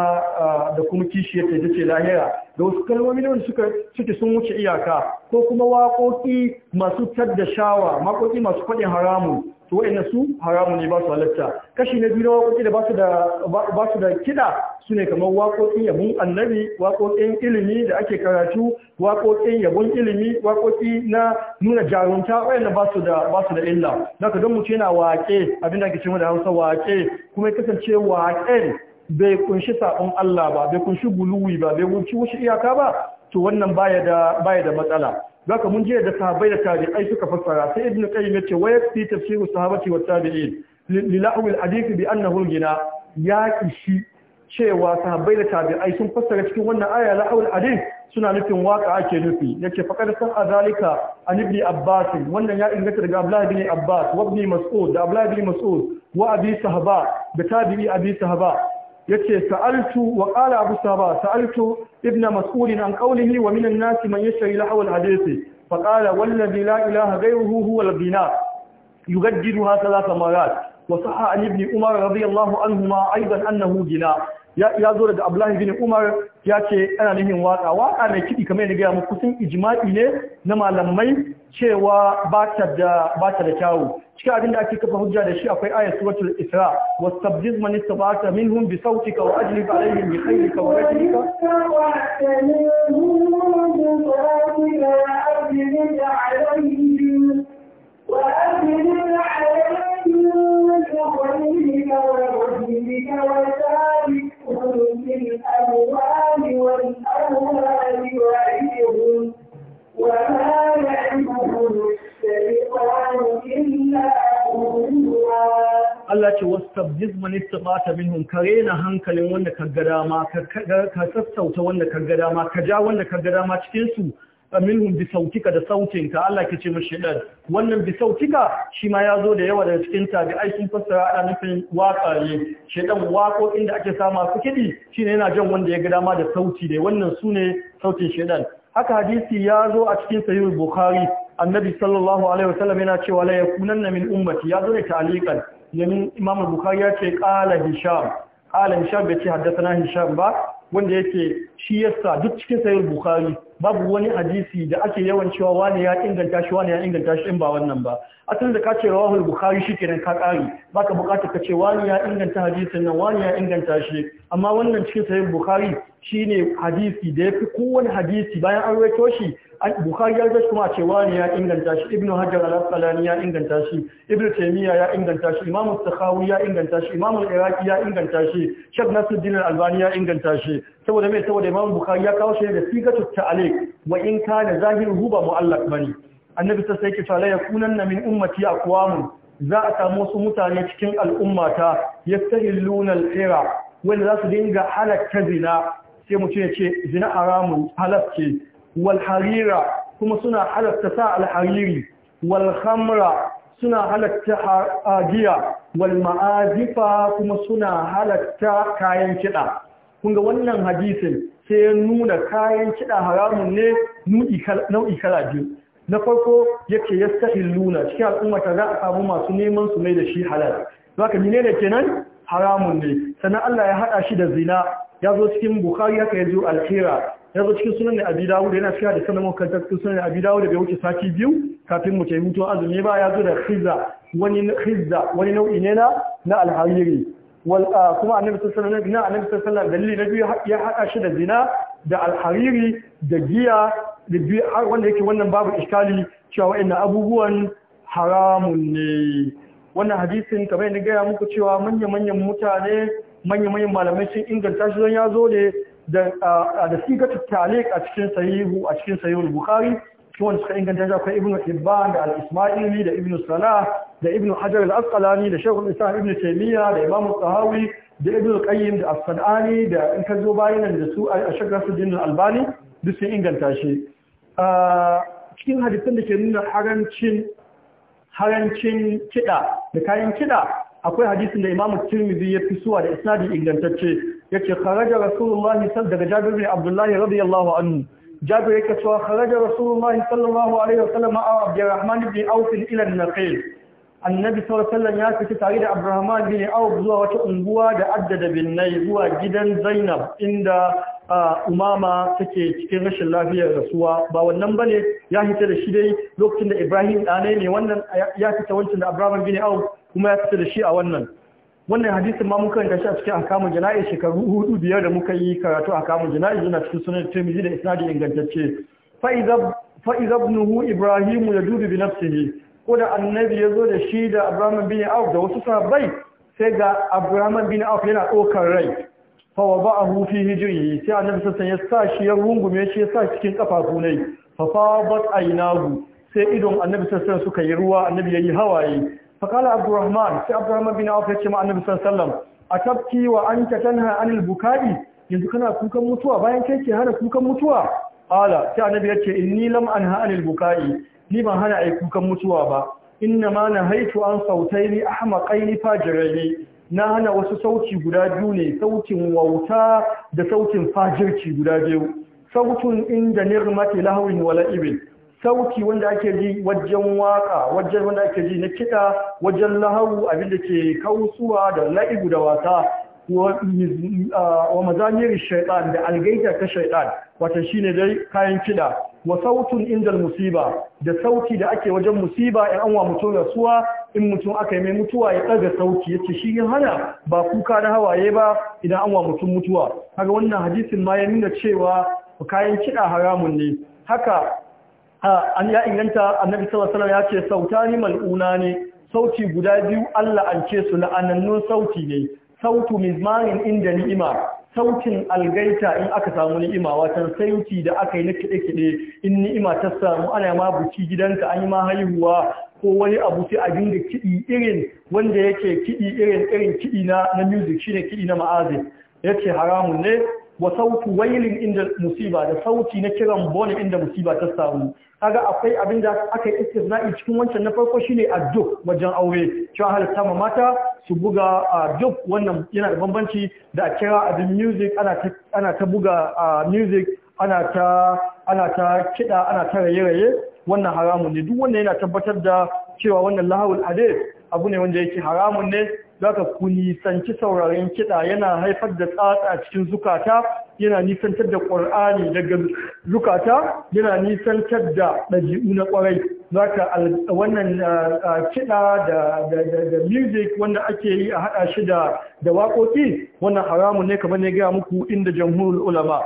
da kuma kishiyar ta ce lahira da wasu kalmomi ne suka suke sun wuce iyaka ko kuma waƙoƙi masu tadda shawa waƙoƙi masu faɗin haramu to wa'annan su haramu ne ba su halatta kashi na biyu na waƙoƙi da ba su da kiɗa su ne kamar waƙoƙin yabon annabi waƙoƙin ilimi da ake karatu waƙoƙin yabon ilimi waƙoƙi na nuna jarumta wa'annan ba su da ba su da illa don ce yana waƙe abinda ake cewa da hausa waƙe kuma ya kasance waƙen bai kunshi sabon Allah ba bai kunshi guluwi ba bai kunshi iyaka ba to wannan baya da matsala. Za matsala mun jiya da sahabai da tabi'ai suka fassara sai ibnu qayyim yace wa yakfi tafsiru sahabati wa tabi'in lilahu al bi annahu gina ya kishi cewa sahabai da tabi'ai sun fassara cikin wannan aya la'ul adin suna nufin waka ake nufi yace faqad san azalika an ibn abbas wannan ya inganta daga abdullahi ibn abbas wa ibn mas'ud da abdullahi ibn mas'ud wa abi sahaba da tabi'i abi sahaba yace sa'altu wa qala abu saba sa'altu ibn mas'ud an qawlihi wa minan nasi man yashri lahwa al-hadith fa qala wallazi la ilaha ghayruhu huwa al-bina thalath marat wa sahha an ibn umar radiyallahu anhuma aidan annahu gina. ya zo daga Abdullahi bin Umar ya ce ana nihin waka waka mai kiɗi kamar yadda gaya muku sun ijma'i ne na malamai cewa ba ta da ba ta da kyawu cikin abin da ake kafa hujja da shi akwai ayat suratul Isra wastabjiz man istabata minhum bi sautika wa ajlib alaihim bi khayrika wa rajlika istata minhum ka na hankalin wanda ka dama ka sassauta wanda ka dama ka ja wanda ka ga dama cikin su minhum bi sautika da sautinka Allah ke ce mu shedan wannan bi sautika shi ma ya zo da yawa daga cikin da aikin fassara ana nufin waka ne shedan wako inda ake sama su kidi shine yana jan wanda ya ga dama da sauti dai wannan sune sautin shedan haka hadisi ya zo a cikin sahih bukhari annabi sallallahu alaihi wasallam yana cewa la yakunanna min ummati ya zo ne ta'aliqan yamin imam bukhari ya ce qala hisham qala hisham bai ce haddathana hisham ba wanda yake shi yasa duk cikin sahih bukhari babu wani hadisi da ake yawan cewa wani ya inganta shi wani ya inganta shi in ba wannan ba asalin da ka ce rawahu bukhari shikenan ka kare baka bukata ka ce wani ya inganta hadisin nan wani ya inganta shi amma wannan cikin sahih bukhari shine hadisi da yafi kowane hadisi bayan an rawaito shi Bukhari ya zai kuma cewa ne ya inganta shi Ibn Hajar al-Asqalani ya inganta shi Ibn Taymiyyah ya inganta shi Imam Sakhawi ya inganta shi Imam al-Iraqi ya inganta shi Sheikh Nasruddin al-Albani ya inganta shi saboda mai saboda Imam Bukhari ya kawo shi da sigatu ta'liq wa in kana zahiruhu ba mu'allak bane Annabi sai yake cewa ya kunanna min ummati aqwamun za a samu wasu mutane cikin al'ummata yastahilluna al-ira wanda za su dinga halakta zina sai mutum ya ce zina haramun halas ce wal kuma suna halatta sa alhariri. Walhamra suna halatta agiya wal ma'azifa kuma suna halatta kayan kiɗa kun ga wannan hadisin sai ya nuna kayan kiɗa haramun ne nau'i kala biyu na farko yake ya sahin luna cikin al'ummata za a samu masu neman su mai da shi halal za ka mine da kenan haramun ne sannan Allah ya haɗa shi da zina ya zo cikin bukari haka ya zo alhira ya zo cikin sunan abi da yana cikin hadisan da muka cikin sunan abi da bai wuce sati biyu kafin mu kai hutun azumi ba ya zo da khizza wani khizza wani nau'i ne na na alhariri wal ah, kuma annabi sallallahu alaihi wasallam annabi sallallahu alaihi dalili na biyu ya hada shi da zina da alhariri da giya da biyu wanda yake wannan babu iskali cewa wa'annan abubuwan haramun ne wannan hadisin kamar yadda gaya muku cewa manya-manyan mutane manya-manyan malamai sun inganta shi don ya zo ne da da talik a cikin sahihu a cikin sahihul bukhari cikin wanda suka inganta shi akwai ibnu hibban da al-ismaili da ibnu salah da ibnu hajar al-asqalani da shaykhul islam ibnu taymiya da imamu tahawi da ibnu qayyim da as-sadani da in ka zo bayanan da su a shakrasuddin al-albani duk sun inganta shi cikin hadisin da ke nuna harancin harancin kiɗa da kayan kiɗa akwai hadisin da imamu tirmidhi ya fi suwa da isnadi ingantacce yace kharaja rasulullahi sallallahu daga jabir bin abdullahi radiyallahu anhu jabir yake cewa kharaja rasulullahi sallallahu alaihi wasallam a abdurrahman ibn auf ila an-naqil annabi sallallahu alaihi wasallam ya fita tare da abdurrahman bin auf zuwa wata unguwa da addada binnai zuwa gidan zainab inda umama take cikin rashin lafiyar rasuwa ba wannan bane ya fita da shi dai lokacin da ibrahim ɗane ne wannan ya fita wancan da abdurrahman bin auf kuma ya fita da shi a wannan wannan hadisin ma muka karanta shi a cikin akamun jana'i shekaru hudu biyar da muka yi karatu akamun jana'i yana cikin sunan tirmidhi da isnadi ingantacce fa iza ibnuhu ibrahim yadudu bi nafsihi ko da annabi ya zo da shi da abraham bin auf da wasu sahabbai sai ga abraham bin auf yana ɗaukar rai fa wada'ahu fi hijrihi sai annabi sassan ya sa shi ya rungume shi ya sa cikin kafafu ne fa bat aynahu sai idon annabi sassan suka yi ruwa annabi yayi hawaye فقال عبد الرحمن سي عبد الرحمن بن عوف يتشي مع النبي صلى الله عليه وسلم أتبكي وأنت yanzu kana kukan mutuwa bayan kai ke hana kukan mutuwa ala sai ce in ni lam anha anil bukai ni ban hana ai kukan mutuwa ba inna ma nahaitu an sautaini ahmaqaini fajiraini na hana wasu sauti guda biyu ne sautin wauta da sautin fajirci guda biyu sautun inda nirmati lahawin wala ibil sauti wanda ake ji wajen waka wajen wanda ake ji na kiɗa wajen lahawu abinda ke kausuwa da la'ibu da wasa wa mazamiri shaitan da algaita ta shaitan wata shine dai kayan kiɗa wa sautun inda musiba da sauti da ake wajen musiba in an wa mutum rasuwa in mutum aka yi mai mutuwa ya ɗaga sauki, ya ce shi ya hana ba kuka na hawaye ba idan an wa mutum mutuwa haka wannan hadisin ma ya nuna cewa kayan kiɗa haramun ne haka an ya inganta annabi sallallahu alaihi wasallam ya ce sautani mal'una ne sauti guda biyu Allah an ce su la'anannun sauti ne sautu mizmanin inda ni'ima sautin algaita in aka samu ni'ima watan sauti da aka yi na kiɗe-kiɗe in ni'ima ta samu ana ma buki gidanka an yi ma haihuwa ko wani abu sai a dinga kiɗi irin wanda yake kiɗi irin irin kiɗi na na music shine kiɗi na ma'azin yace haramun ne wa sautu wailin inda musiba da sauti na kiran bone inda musiba ta samu kaga akwai abin da aka yi istisna'i cikin wancan na farko shine a duk wajen aure cewa halitta ma mata su buga duk wannan yana da bambanci da a kira abin music ana ta ana ta buga music ana ta ana ta kida ana ta raye-raye wannan haramun ne duk wanda yana tabbatar da cewa wannan lahawul hadith abu ne wanda yake haramun ne zaka ku nisanci sauraren kiɗa yana haifar da tsatsa cikin zukata yana nisantar da ƙur'ani daga zukata yana nisantar da ɗabi'u na ƙwarai zaka wannan kiɗa da music wanda ake yi a haɗa shi da waƙoƙi wannan haramun ne kamar ne gaya muku inda jamhurul ulama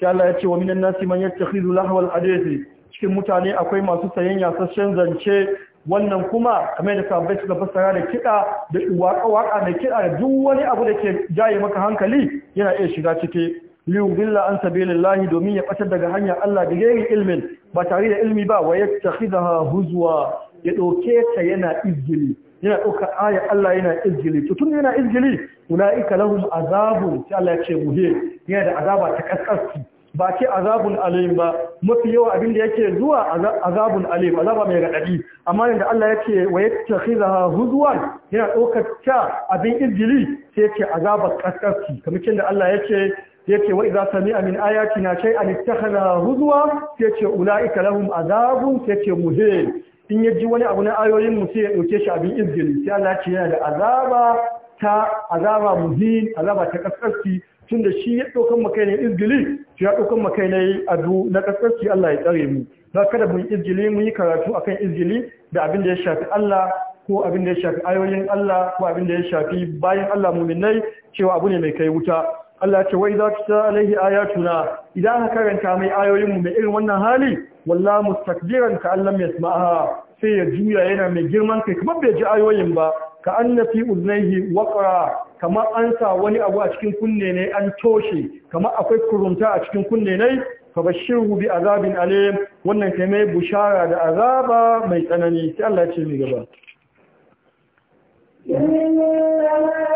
sai Allah ya ce wa minan nasi man yattakhidhu lahwal hadisi cikin mutane akwai masu sayan yasasshen zance wannan kuma kamar da sabbai suka fassara da kiɗa da waƙa da kiɗa da duk wani abu da ke jaye maka hankali yana iya shiga ciki liyun billa an sabilillahi domin ya ɓatar daga hanya. Allah da gairi ilmin ba tare da ilmi ba wa yattakhidaha huzwa ya ɗauke ta yana izgili yana ɗaukar 'aya Allah yana izgili to tun yana izgili ulaika lahum azabun sai Allah ya ce muhe yana da azaba ta kaskasci ba ce azabun alim ba mafi yawa abin da yake zuwa azabun alim azaba mai raɗaɗi amma yadda Allah yake wa yattakhizaha huzwan yana ɗaukar ta abin izgili sai yake azabar kaskasci kamar yadda Allah yake yake wa idza sami'a min ayatina shay'an ittakhadha huzwa yace ulaika lahum azabun yace muhin in yaji wani abu na ayoyin mu sai ya dauke shi abin izini. sai Allah ce yana da azaba ta azaba muhin azaba ta kaskarci tunda shi ya daukan maka ne izgili shi ya daukan maka ne adu na kaskarci Allah ya tsare mu da kada mun izgili mun yi karatu akan izgili da abin da ya shafi Allah ko abin da ya shafi ayoyin Allah ko abin da ya shafi bayan Allah muminai cewa abu ne mai kai wuta Allah ce wai za ta alaihi ayatuna idan aka karanta mai mu mai irin wannan hali walla mustakbiran ka Allah mai sama'a sai ya juya yana mai girman kai kamar bai ji ayoyin ba ka annafi uznaihi waqra kamar an sa wani abu a cikin kunne ne an toshe kamar akwai kurunta a cikin kunne ne fa bashiru bi azabin alim wannan kai mai bushara da azaba mai tsanani sai Allah ya ce mai gaba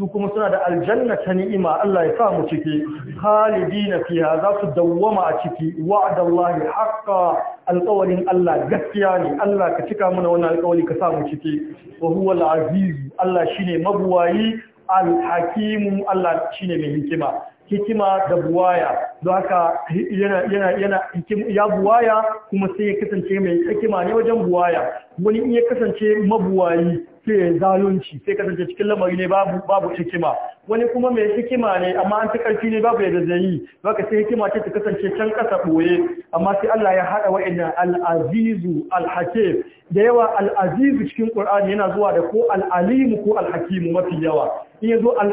su kuma suna da aljanna ta ni'ima Allah ya sa mu ciki khalidina fiha za su dawwama a ciki wa'dallahi haqqan alƙawarin Allah gaskiya ne Allah ka cika mana wannan alƙawari ka samu mu ciki wa huwa al-aziz Allah shine mabuwayi al-hakim Allah shine mai hikima hikima da buwaya don haka yana yana ya buwaya kuma sai ya kasance mai hikima ne wajen buwaya wani in ya kasance mabuwayi sai ya zalunci sai kasance cikin lamari ne babu babu hikima wani kuma mai hikima ne amma an ta karfi ne babu yadda zai yi baka sai hikima ce ta kasance can kasa boye amma sai Allah ya hada wa'annan al-azizu al-hakim da yawa al-azizu cikin Qur'ani yana zuwa da ko al-alimu ko al-hakimu mafi yawa in yazo al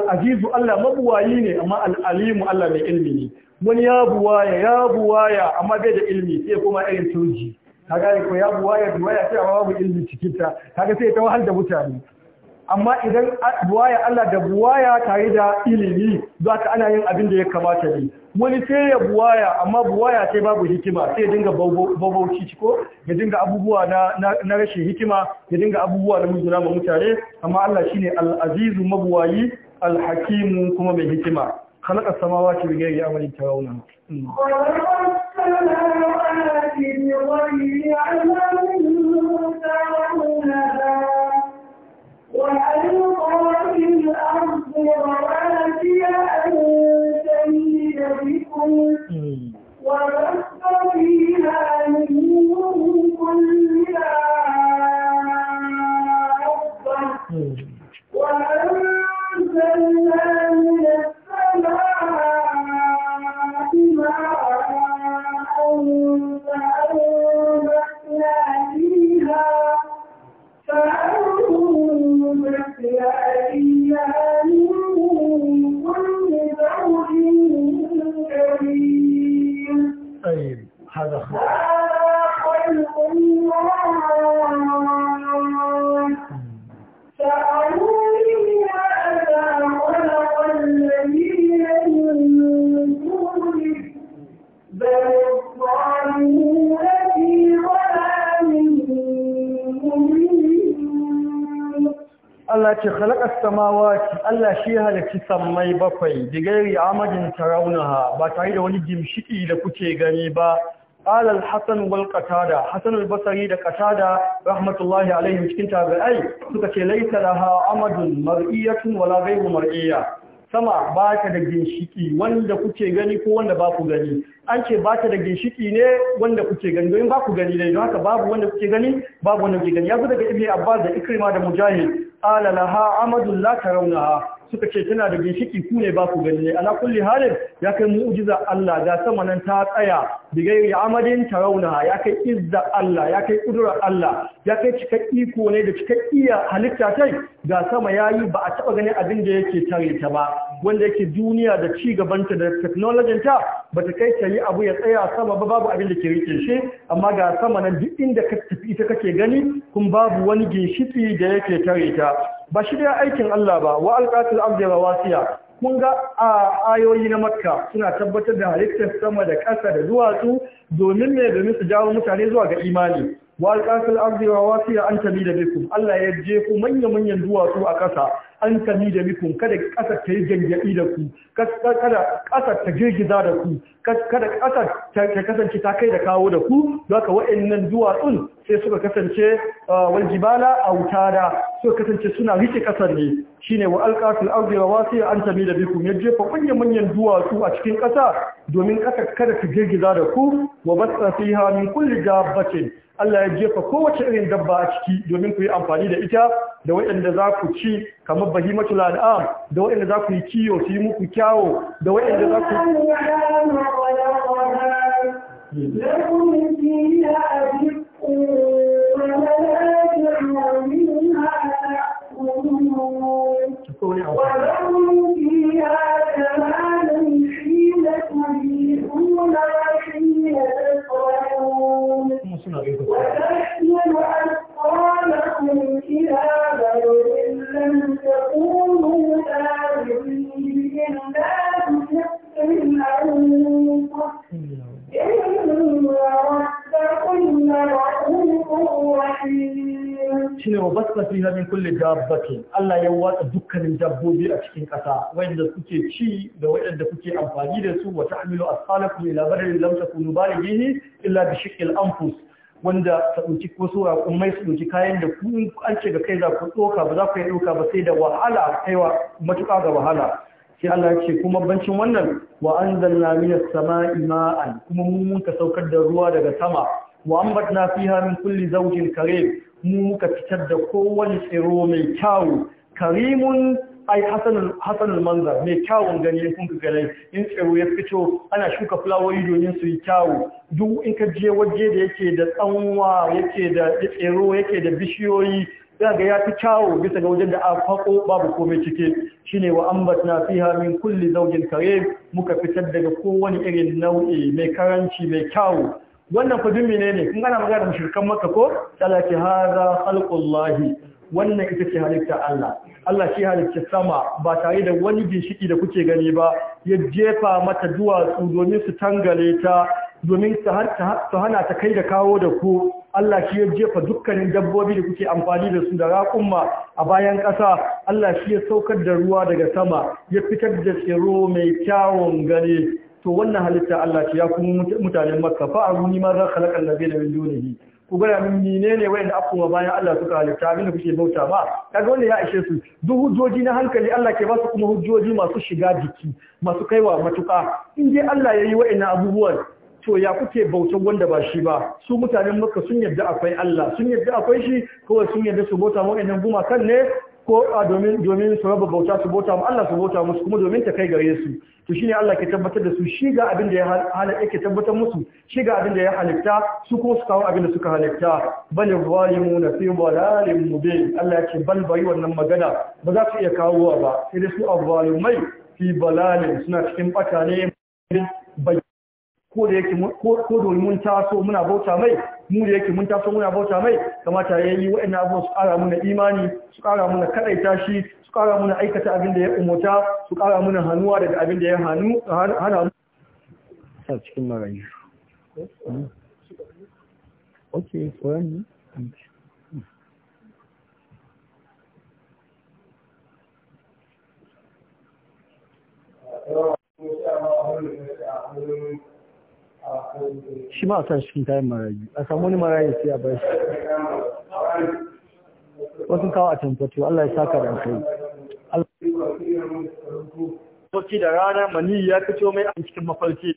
Allah mabuwayi ne amma al'alimu Allah mai ilmi ne wani ya buwaya ya buwaya amma bai da ilmi sai kuma irin turji kaga ko ya buwaya buwaya sai babu ilmi cikinta ta sai ta wahal da mutane amma idan buwaya Allah da buwaya tare da ilimi za ka ana yin abin da ya kamata ne wani sai ya buwaya amma buwaya sai babu hikima sai ya dinga babauci ciko, ya dinga abubuwa na rashin hikima ya dinga abubuwa na muzuna ma mutane amma Allah shi ne Al'azizu mabuwayi alhakimu kuma mai hikima خلق السماوات بغير عمل ترونه خلق السماوات بغير رواسي أن تميد بكم وأنزلنا من السماء Allah ce khalaƙar samawati Allah shi halarci sammai bakwai Digairi amadin taraunaha ba tare da wani jimshiki da kuke gani ba alal hasan wal qatada hasan al basri da qatada rahmatullahi alaihi cikin tabi'ai suka ce laisa laha amadun mar'iyatun wala ghayru mar'iya. sama ba ta da ginshiki wanda kuke gani ko wanda ba ku gani an ce ba ta da ginshiki ne wanda kuke gani don ba ku gani ne don haka babu wanda kuke gani babu wanda kuke gani ya zo daga ibn abbas da ikrima da mujahid qala laha amadun la rauna. suka ce tana da ginshiki ku ne ba ku gani ne ala kulli halin ya kai mu'jiza Allah ga sama nan ta tsaya diga ya amadin tarauna ya kai izza Allah ya kai kudurar Allah ya kai cika iko ne da cikakki iya halitta tai ga sama yayi ba a taba ganin abin da yake tare ta ba wanda yake duniya da ci gabanta da technology ta bata kai ta yi abu ya tsaya sama ba babu abin da ke rike shi amma ga sama nan duk inda ka tafi ita kake gani kun babu wani ginshiki da yake tare ta ba shi da aikin Allah ba wa alqatil ardi rawasiya kun ga a ayoyi na makka suna tabbatar da halittar sama da ƙasa da duwatsu domin ne domin su jawo mutane zuwa ga imani wa alqatil ardi rawasiya an tabi da bikum Allah ya je ku manya manyan duwatsu a ƙasa an kami da mikun kada ƙasar ta yi gangaɗi da ku kada ƙasar ta girgiza da ku kada ƙasar ta kasance ta kai da kawo da ku don ka wa'annan duwatsun sai suka kasance uh, waljibala a wuta da suka kasance suna rike ƙasar ne shine wa alƙasar ardi wa sai an tami da mikun ya jefa manyan manyan duwatsu a cikin ƙasa domin ƙasar kada ta girgiza da ku wa basa min kulli dabbatin Allah ya jefa kowace irin dabba a ciki domin ku yi amfani da ita da waɗanda za ku ci kamar samun bahimatul an'am da wa'anda zaku yi kiyo su yi muku kyawo da wa'anda za ku ولكم dabbatin Allah ya watsa dukkanin dabbobi a cikin ƙasa wanda suke ci da waɗanda kuke amfani da su wa amilu asfalakum ila lamsa lam takunu gini illa bi shiqqil anfus wanda ta ko wasu raƙumai su ɗauki kayan da ku an ce ga kai za ku doka ba za ku yi doka ba sai da wahala kaiwa matuƙa ga wahala sai Allah ya ce kuma bancin wannan wa anzalna minas sama'i ma'an kuma mun muka saukar da ruwa daga sama wa ambatna fiha min kulli zawjin karim mu muka fitar da kowane tsiro mai kyawu karimun ai hasanul manzar mai kyawun gani kun ka in tsiro ya fito ana shuka fulawoyi domin su yi kyawu duk in ka je waje da yake da tsanwa yake da tsiro yake da bishiyoyi za ga ya fi kyawu bisa ga wajen da a fako babu komai cike shine wa ambat na fi min kulli zaujin kare muka fitar daga kowane irin nau'i mai karanci mai kyawu wannan ku dumi ne ne in ana magana da mushrikan makka ko Allah ce haza khalqullahi wannan ita ce halitta Allah Allah shi halitta sama ba tare da wani ginshiki da kuke gani ba ya jefa mata duwatsu domin su tangale ta domin su hana ta kai da kawo da ku Allah shi ya jefa dukkanin dabbobi da kuke amfani da su da raƙumma a bayan ƙasa Allah shi ya saukar da ruwa daga sama ya fitar da tsiro mai kyawun gani to wannan halitta Allah ce ya kuma mutanen makka fa a ni ma za khalaqa allazina min dunihi ku gaya min menene wayanda afuwa bayan Allah suka halitta abinda kuke bauta ba kaga wanda ya ishe su duk hujjoji na hankali Allah ke ba su kuma hujjoji masu shiga jiki masu kaiwa matuƙa. in dai Allah ya yi wayannan abubuwan to ya kuke bautan wanda ba shi ba su mutanen makka sun yadda akwai Allah sun yadda akwai shi kawai sun yadda su bauta wayannan gumakan ne ko domin domin su raba bauta su bauta mu Allah su bauta musu kuma domin ta kai gare su to shine Allah ke tabbatar da su shi ga abin da ya halatta yake tabbatar musu shi ga abin da ya halitta su ko su kawo abin da suka halitta bal zalimuna fi dalalin mubin Allah ya ce bal bai wannan magana ba za su iya kawo ba sai dai su azzalimai fi balalin suna cikin bata ne ko da yake ko domin taso muna bauta mai mu da yake mun taso muna bauta mai kamata ya yi waɗannan abubuwan su ƙara muna imani su ƙara muna kaɗaita shi su ƙara muna aikata abin da ya umota su ƙara muna hannuwa daga abin da ya hannu hana mu cikin marayu ok koyan Thank you. shi ma a san cikin kayan marayu a samu wani marayu sai a bar shi wasu kawo a tamfato Allah ya saka da kai Mafarki da rana mani ya fito mai a cikin mafarki.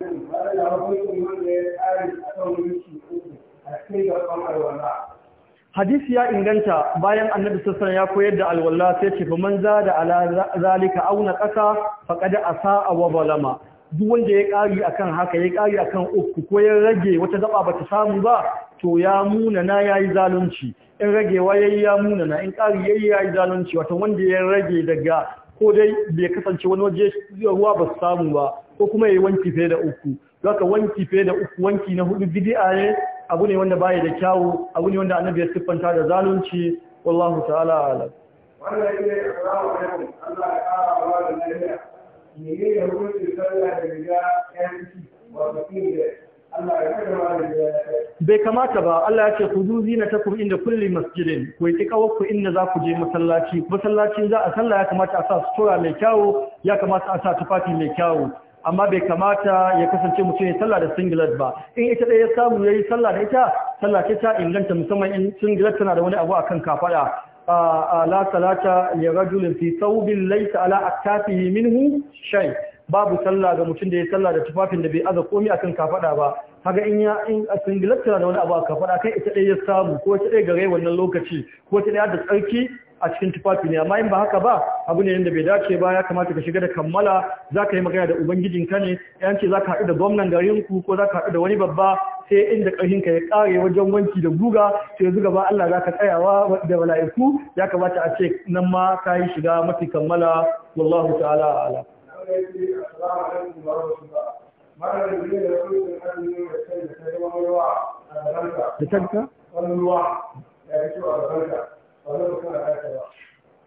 Hadisi ya inganta bayan annabi sassan ya koyar da alwala sai ce fa manza da ala zalika auna ƙasa faƙada a sa'a wa balama. duk wanda ya ƙari kan haka ya ƙari kan uku ko ya rage wata gaba bata samu ba to ya muna na ya yi zalunci in ragewa yi ya muna na in ƙari yayi yi zalunci wata wanda ya rage daga ko dai bai kasance wani waje ruwa ba su samu ba ko kuma ya yi wanki fiye da uku zaka wanki fiye da uku wanki na hudu bid'a ne abu ne wanda baya da kyawu abu ne wanda annabi ya siffanta da zalunci wallahu ta'ala alam wannan ne Allah ya kara wa da lafiya mene ne sallah da riga wato bai kamata ba Allah ya ce ku zu ku inda kulli masjidin ku yi ku inda za ku je masallaci masallacin za a sallah ya kamata a sa sutura mai kyawu ya kamata a sa tufafi mai kyawu amma bai kamata ya kasance mutum ya sallah da singlet ba in ita ya samu ya yi sallah da ita sallah ce ta inganta musamman in singlet tana da wani abu akan kafada la salata li rajulin fi thawbin laysa ala aktafihi minhu shay babu sallah ga mutum da ya sallah da tufafin da bai aza komi akan kafada ba kaga in ya in singilatta da wani abu a kafada kai ita dai ya samu ko ita dai gare wannan lokaci ko ita dai da tsarki a cikin tufafi ne amma in ba haka ba abu ne da bai dace ba ya kamata ka shiga da kammala zaka yi magana da ubangijinka ne yan ce za ka haɗu da gwamnan garin ku, ko zaka ka haɗu da wani babba sai inda ƙarfinka ya ƙare wajen wanki da guga sai yanzu gaba Allah za ka tsayawa da mala'iku ya kamata a ce nan ma ka yi shiga mafi kammala wallahu ta'ala ala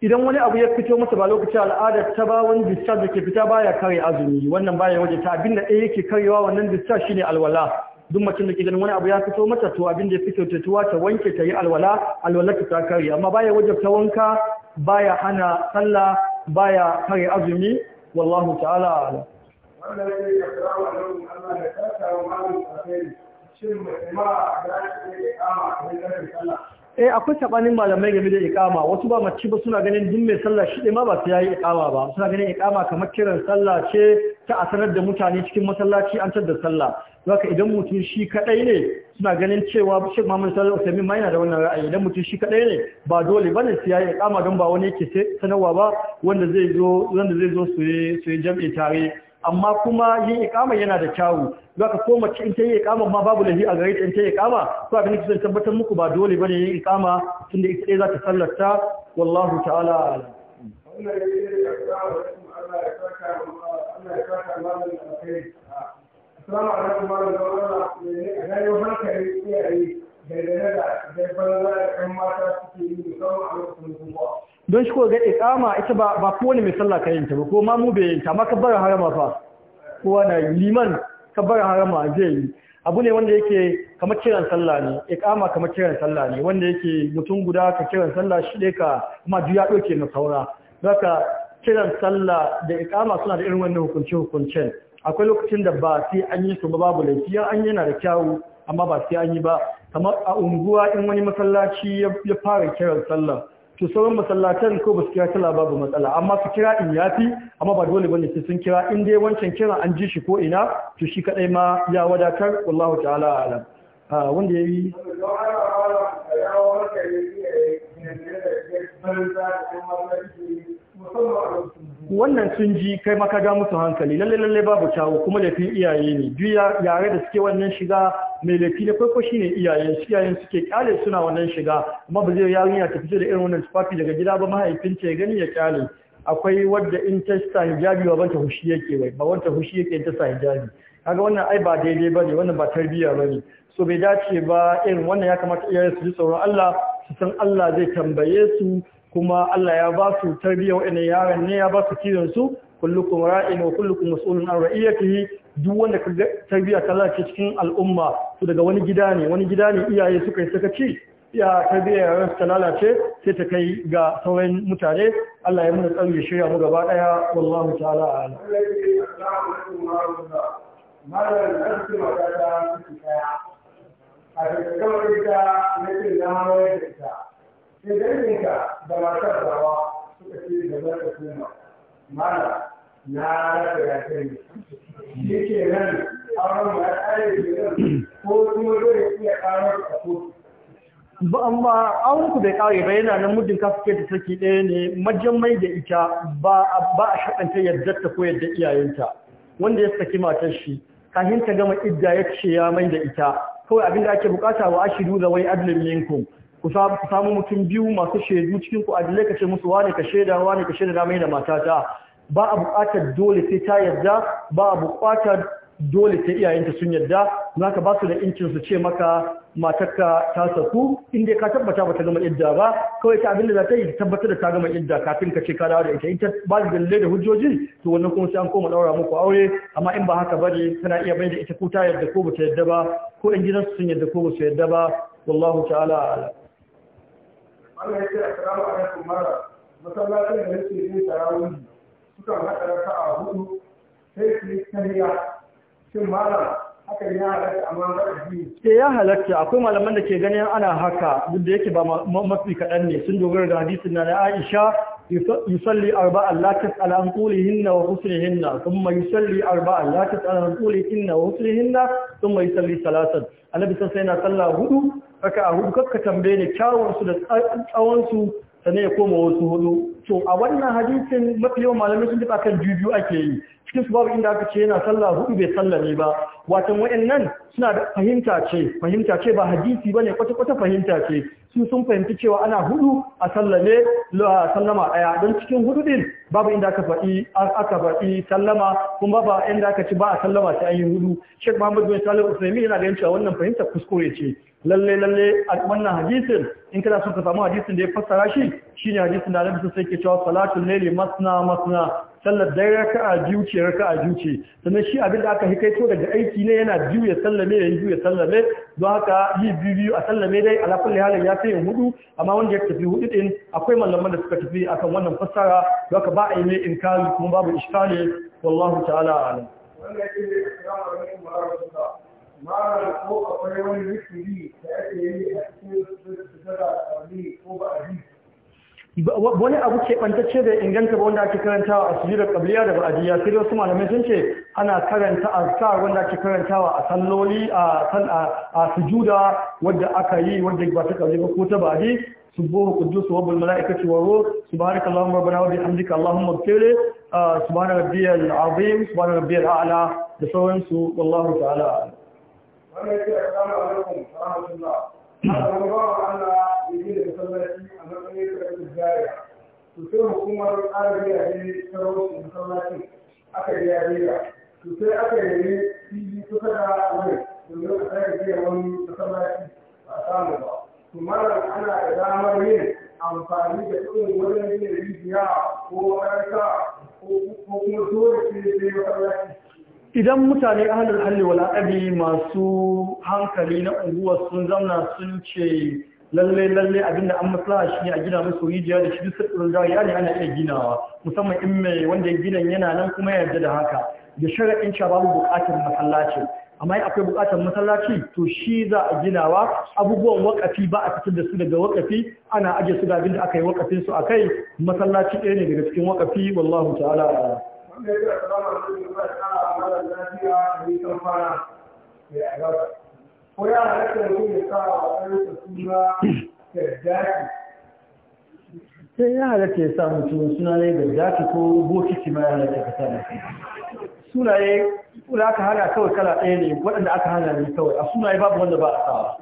da idan wani abu ya fito masa ba lokacin al'adar ta ba wani discharge da ke fita baya kare azumi wannan baya waje ta abinda ɗaya yake karewa wannan discharge shine alwala duk mutum da ke ganin wani abu ya fito mata to abin da ya fito fi tuwa ta wanke ta yi alwala alwala ta kare amma baya wajen ta wanka baya hana sallah baya kare azumi wallahu ta'ala ala wannan ne ya salamu alaikum Allah da kasa wa malam shin mutum ma ga shi ne a cikin sallah eh akwai sabanin malamai game da ikama wasu ba mace ba suna ganin duk mai sallah shi ma ba su yayi ikama ba suna ganin ikama kamar kiran sallah ce ta a sanar da mutane cikin masallaci an tar da sallah haka idan mutum shi kadai ne suna ganin cewa Sheikh ma mun sallah sai mai yana da wannan ra'ayi idan mutum shi kadai ne ba dole bane su yayi ikama don ba wani yake sanarwa ba wanda zai zo wanda zai zo su yi su jam'i tare amma kuma yin ikama yana da kyawu za ka koma in ta yi ikama ma babu lahi a gare ta in ta yi ikama to abin da kisan tabbatar muku ba dole bane yin ikama tunda ita za ta sallarta wallahu ta'ala Assalamu alaikum ‘yan mata don shi ga ikama ita ba kuwa kowane mai sallah ka yinta ba ko ma mu bai ta amma ka bar harama fa kowa na liman ka bar harama zai yi abu ne wanda yake kamar kiran sallah ne ikama kamar kiran sallah ne wanda yake mutum guda ka kiran sallah shi ne ka kuma juya doke na saura zaka kiran sallah da ikama suna da irin wannan hukunce hukuncen akwai lokacin da ba sai an yi su ba babu laifi an yana da kyawu amma ba sai an yi ba kamar a unguwa in wani masallaci ya fara kiran sallah to sauran masallatan ko basu kira kira babu matsala amma su kira in yafi amma ba dole bane sai sun kira in dai wancan kira an ji shi ko ina to shi kadai ma ya wadatar wallahu ta'ala alam ah, wanda yayi musamman wannan sun ji kai maka ga musu hankali lalle lalle babu cawo kuma laifin iyaye ne duk yare da suke wannan shiga mai laifi na farko shine iyaye iyaye suke kyale suna wannan shiga amma ba zai yarinya ta tafi da irin wannan tufafi daga gida ba mahaifinta ya gani ya kyale akwai wadda in ta sa hijabi ba wanta hushi yake wai ba wanta hushi yake ta sa hijabi kaga wannan ai ba daidai bane wannan ba tarbiyya bane so bai dace ba irin wannan ya kamata iyaye su ji tsoron Allah su san Allah zai tambaye su kuma Allah ya ba su tarbiyyar waɗannan yaran ne ya ba su kiran su kullukum ra'in wa kullukum mas'ulun an ra'iyatihi duk wanda kaga tarbiyya ta lalace cikin al'umma su daga wani gida ne wani gida ne iyaye suka yi sakaci ya tarbiyya yaran ta lalace sai ta kai ga sauran mutane Allah ya muna tsaro ya shirya mu gaba daya wallahu ta'ala a'lam malam da su magana su kaya a cikin kamar da nake da hawa da sai danginka da matar dawa suka ce da za ka koma mana na rasa ya kai shi ke nan auren ma kare shi ko kuma zai iya karar a kotu ba amma auren ku bai kare ba yana nan muddin ka suke da saki ɗaya ne majammai da ita ba a shakanta yadda ta ko yadda iyayenta wanda ya saki matar shi kafin ta gama idda ya ce ya mai da ita kawai abinda ake bukata wa ashidu da wai adlin minkum ku samu mutum biyu masu shaidu cikin ku adilai ka ce musu wane ka shaida wane ka shaida mai da matata ba a buƙatar dole sai ta yarda ba a buƙatar dole sai iyayenta sun yarda za ka ba su da incin su ce maka matarka ta saku inda ka tabbata ba ta gama idda ba kawai ta abinda za ta yi tabbatar da ta gama idda kafin ka ce ka dawo da ita ita ba da dalilai da hujjoji to wannan kuma sai an koma daura muku aure amma in ba haka bane tana iya bai da ita ko ta yarda ko ba ta yarda ba ko in gidansu sun yarda ko ba su yarda ba wallahu ta'ala a'lam Allah ya ce assalamu alaikum mara masallacin da yake yin tarawih sukan haɗa raka'a hudu sai su yi tahiya shin malam hakan ya halatta amma ba ji eh ya halatta akwai malaman da ke ganin ana haka duk da yake ba mafi kaɗan ne sun dogara da hadisin na Aisha يصلي أربعا لا تسأل عن طولهن وغسلهن ثم يصلي أربعا لا تسأل عن طولهن وغسلهن ثم يصلي ثلاثا النبي صلى الله عليه وسلم صلى هدو فكا هدو كبك تنبيني كاوانسو لتأوانسو sannan ya koma wasu hudu to a wannan hadisin mafi yawan malamai sun tafi kan juju ake yi cikin su babu inda aka ce yana sallah hudu bai sallah ne ba watan waɗannan suna da fahimta ce fahimta ce ba hadisi ne kwata kwata fahimta ce su sun fahimci cewa ana hudu a sallah ne sallama daya don cikin hudu din babu inda aka faɗi aka faɗi sallama kuma ba inda aka ci ba a sallama sai an yi hudu Sheikh Muhammad bin Salih Uthaymeen yana ganin cewa wannan fahimta kuskure ce lalle lalle a wannan hadisin in kana so ka samu hadisin da ya fassara shi shine hadisin da Annabi sai ke cewa salatul layli masna masna sallar dai raka'a biyu ce raka'a sannan shi abin da aka hikaito daga aiki ne yana juya sallame ya juya sallame don haka yi biyu biyu a sallame dai ala kulli halin ya kai hudu amma wanda ya tafi hudu din akwai malaman da suka tafi akan wannan fassara don haka ba a yi mai inkari kuma babu iskali wallahu ta'ala alam malam ko akwai wani zikiri da ake yi a cikin sujada a ko ba a yi wani abu keɓantacce da inganta ba wanda ake karantawa a da ƙabliya da ba'adiyya sai wasu malamai sun ce ana karanta a sa wanda ake karantawa a salloli a sujuda wadda aka yi wadda ba ta ƙabliya ba ko ta ba'adi subuhu su wa mala'ikaci waro Su ba harika allahumma rabbana wa bihamdika allahumma ighfirli ah, subhana rabbiyal azim na rabbiyal a'la da sauransu wallahu ta'ala wannan yake assalamu alaikum wa rahmatullah haka wani bawa Allah ya yi da masallaci a matsayin karfin jariya Su sai hukumar ƙara gidaje ta rahoton masallacin aka yi yariya Su sai aka yi fili kusa da wani domin a sake biya wani masallaci ba samu ba to mara ana da damar yin amfani da irin wajen yin rijiya ko makaranta ko kuma dole sai sai masallaci idan mutane ahalin halli wala'abi masu hankali na unguwar sun zamna sun ce lalle lalle abinda an maslaha shi a gina musu rijiya da shi duk sirrin ya ne ana iya ginawa musamman in mai wanda ya gina yana nan kuma ya yarda da haka da in cewa babu buƙatar masallaci amma akwai buƙatar masallaci to shi za a ginawa abubuwan wakafi ba a fitar da su daga wakafi ana ajiye su ga abinda aka yi wakafin su akai masallaci ɗaya ne daga cikin wakafi wallahu ta'ala wanda ya da da da da sa suna sai ya halatta ya sa mutum sunaye ko bokiti ma ya halatta ka sa mutum sunaye aka hana kawai kala ɗaya ne waɗanda aka hana ne kawai a sunaye babu wanda ba a sawa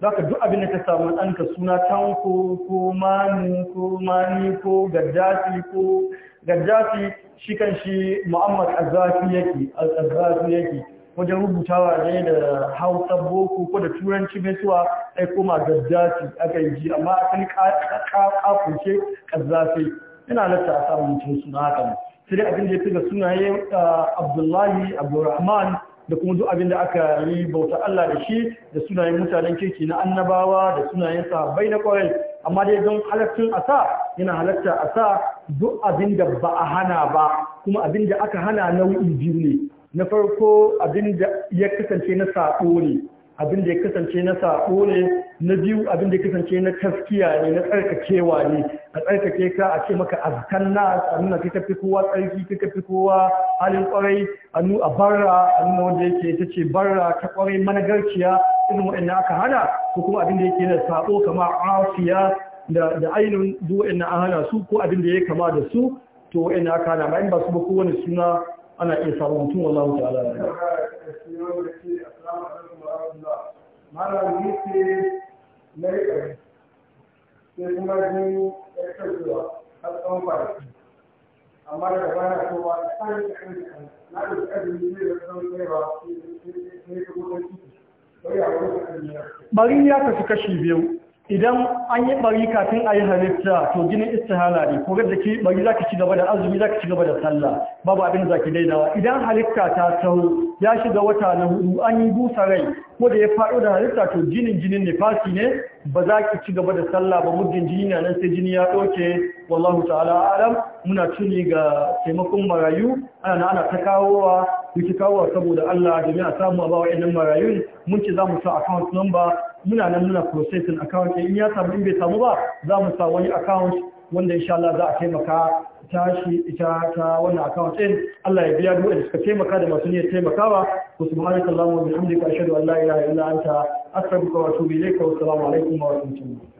za ka duk abin da ta samu ɗanka suna tanko ko manu ko mani ko gaddafi ko gajjafi shi kan shi muhammad azafi yake azafi yake wajen rubutawa ne da hausa boko ko da turanci mai suwa ai koma gajjafi aka yi ji amma asali kakunce azafi yana halatta a samun mutum suna haka ne sai dai abin da ya fi ga sunaye abdullahi abdurrahman da kuma duk abin da aka yi bauta Allah da shi da sunayen mutanen kirki na annabawa da sunayen sahabbai na kwarai amma dai don halattun a sa yana halatta a sa duk abin da ba a hana ba kuma abin da aka hana nau'i biyu ne na farko abin da ya kasance na saɓo ne abin ya kasance na saƙo ne na biyu abin da kasance na taskiya ne na tsarkakewa ne a tsarkake ka a ce maka azkanna a nuna ka kafi kowa tsarki ka kafi kowa halin kwarai a nu a barra a nuna wanda yake ta ce barra ta kwarai managarciya irin wa'annan aka hana ko kuma abin da yake na sabo kama afiya da da zuwa duk wa'annan hana su ko abin da ya kama da su to na aka hana ma in ba su ba kowane suna ana iya samun mutum wallahu ta'ala malam na rikari sai kuma jini ya tsawon kwanaki amma daga bana kowa a tsarin da kan na da zai da tsawon ta ciki bari ya tafi kashi biyu idan an yi bari kafin a yi halitta to ginin istihala ne ko gada ke bari za ka ci gaba da azumi za ka ci gaba da sallah babu abin da za ki daidawa idan halitta ta taho ya shiga wata na hudu an yi busa rai ko da ya faɗo da halitta to jinin jinin fasi ne ba za ki ci gaba da sallah ba muddin jini na nan sai jini ya ɗauke wallahu ta'ala alam muna tuni ga taimakon marayu ana ana ta kawowa ki kawowa saboda Allah domin a samu a ba wa'annan marayu mun ce za mu sa account number muna nan muna processing account in ya samu in bai samu ba za mu sa wani account wanda insha Allah za a taimaka ita ta wannan account din Allah ya biya duk da suka taimaka da masu niyyar taimakawa ku subhanaka allahumma wa bihamdika ashhadu an la ilaha illa anta astaghfiruka wa atubu ilayka wa assalamu alaikum wa rahmatullahi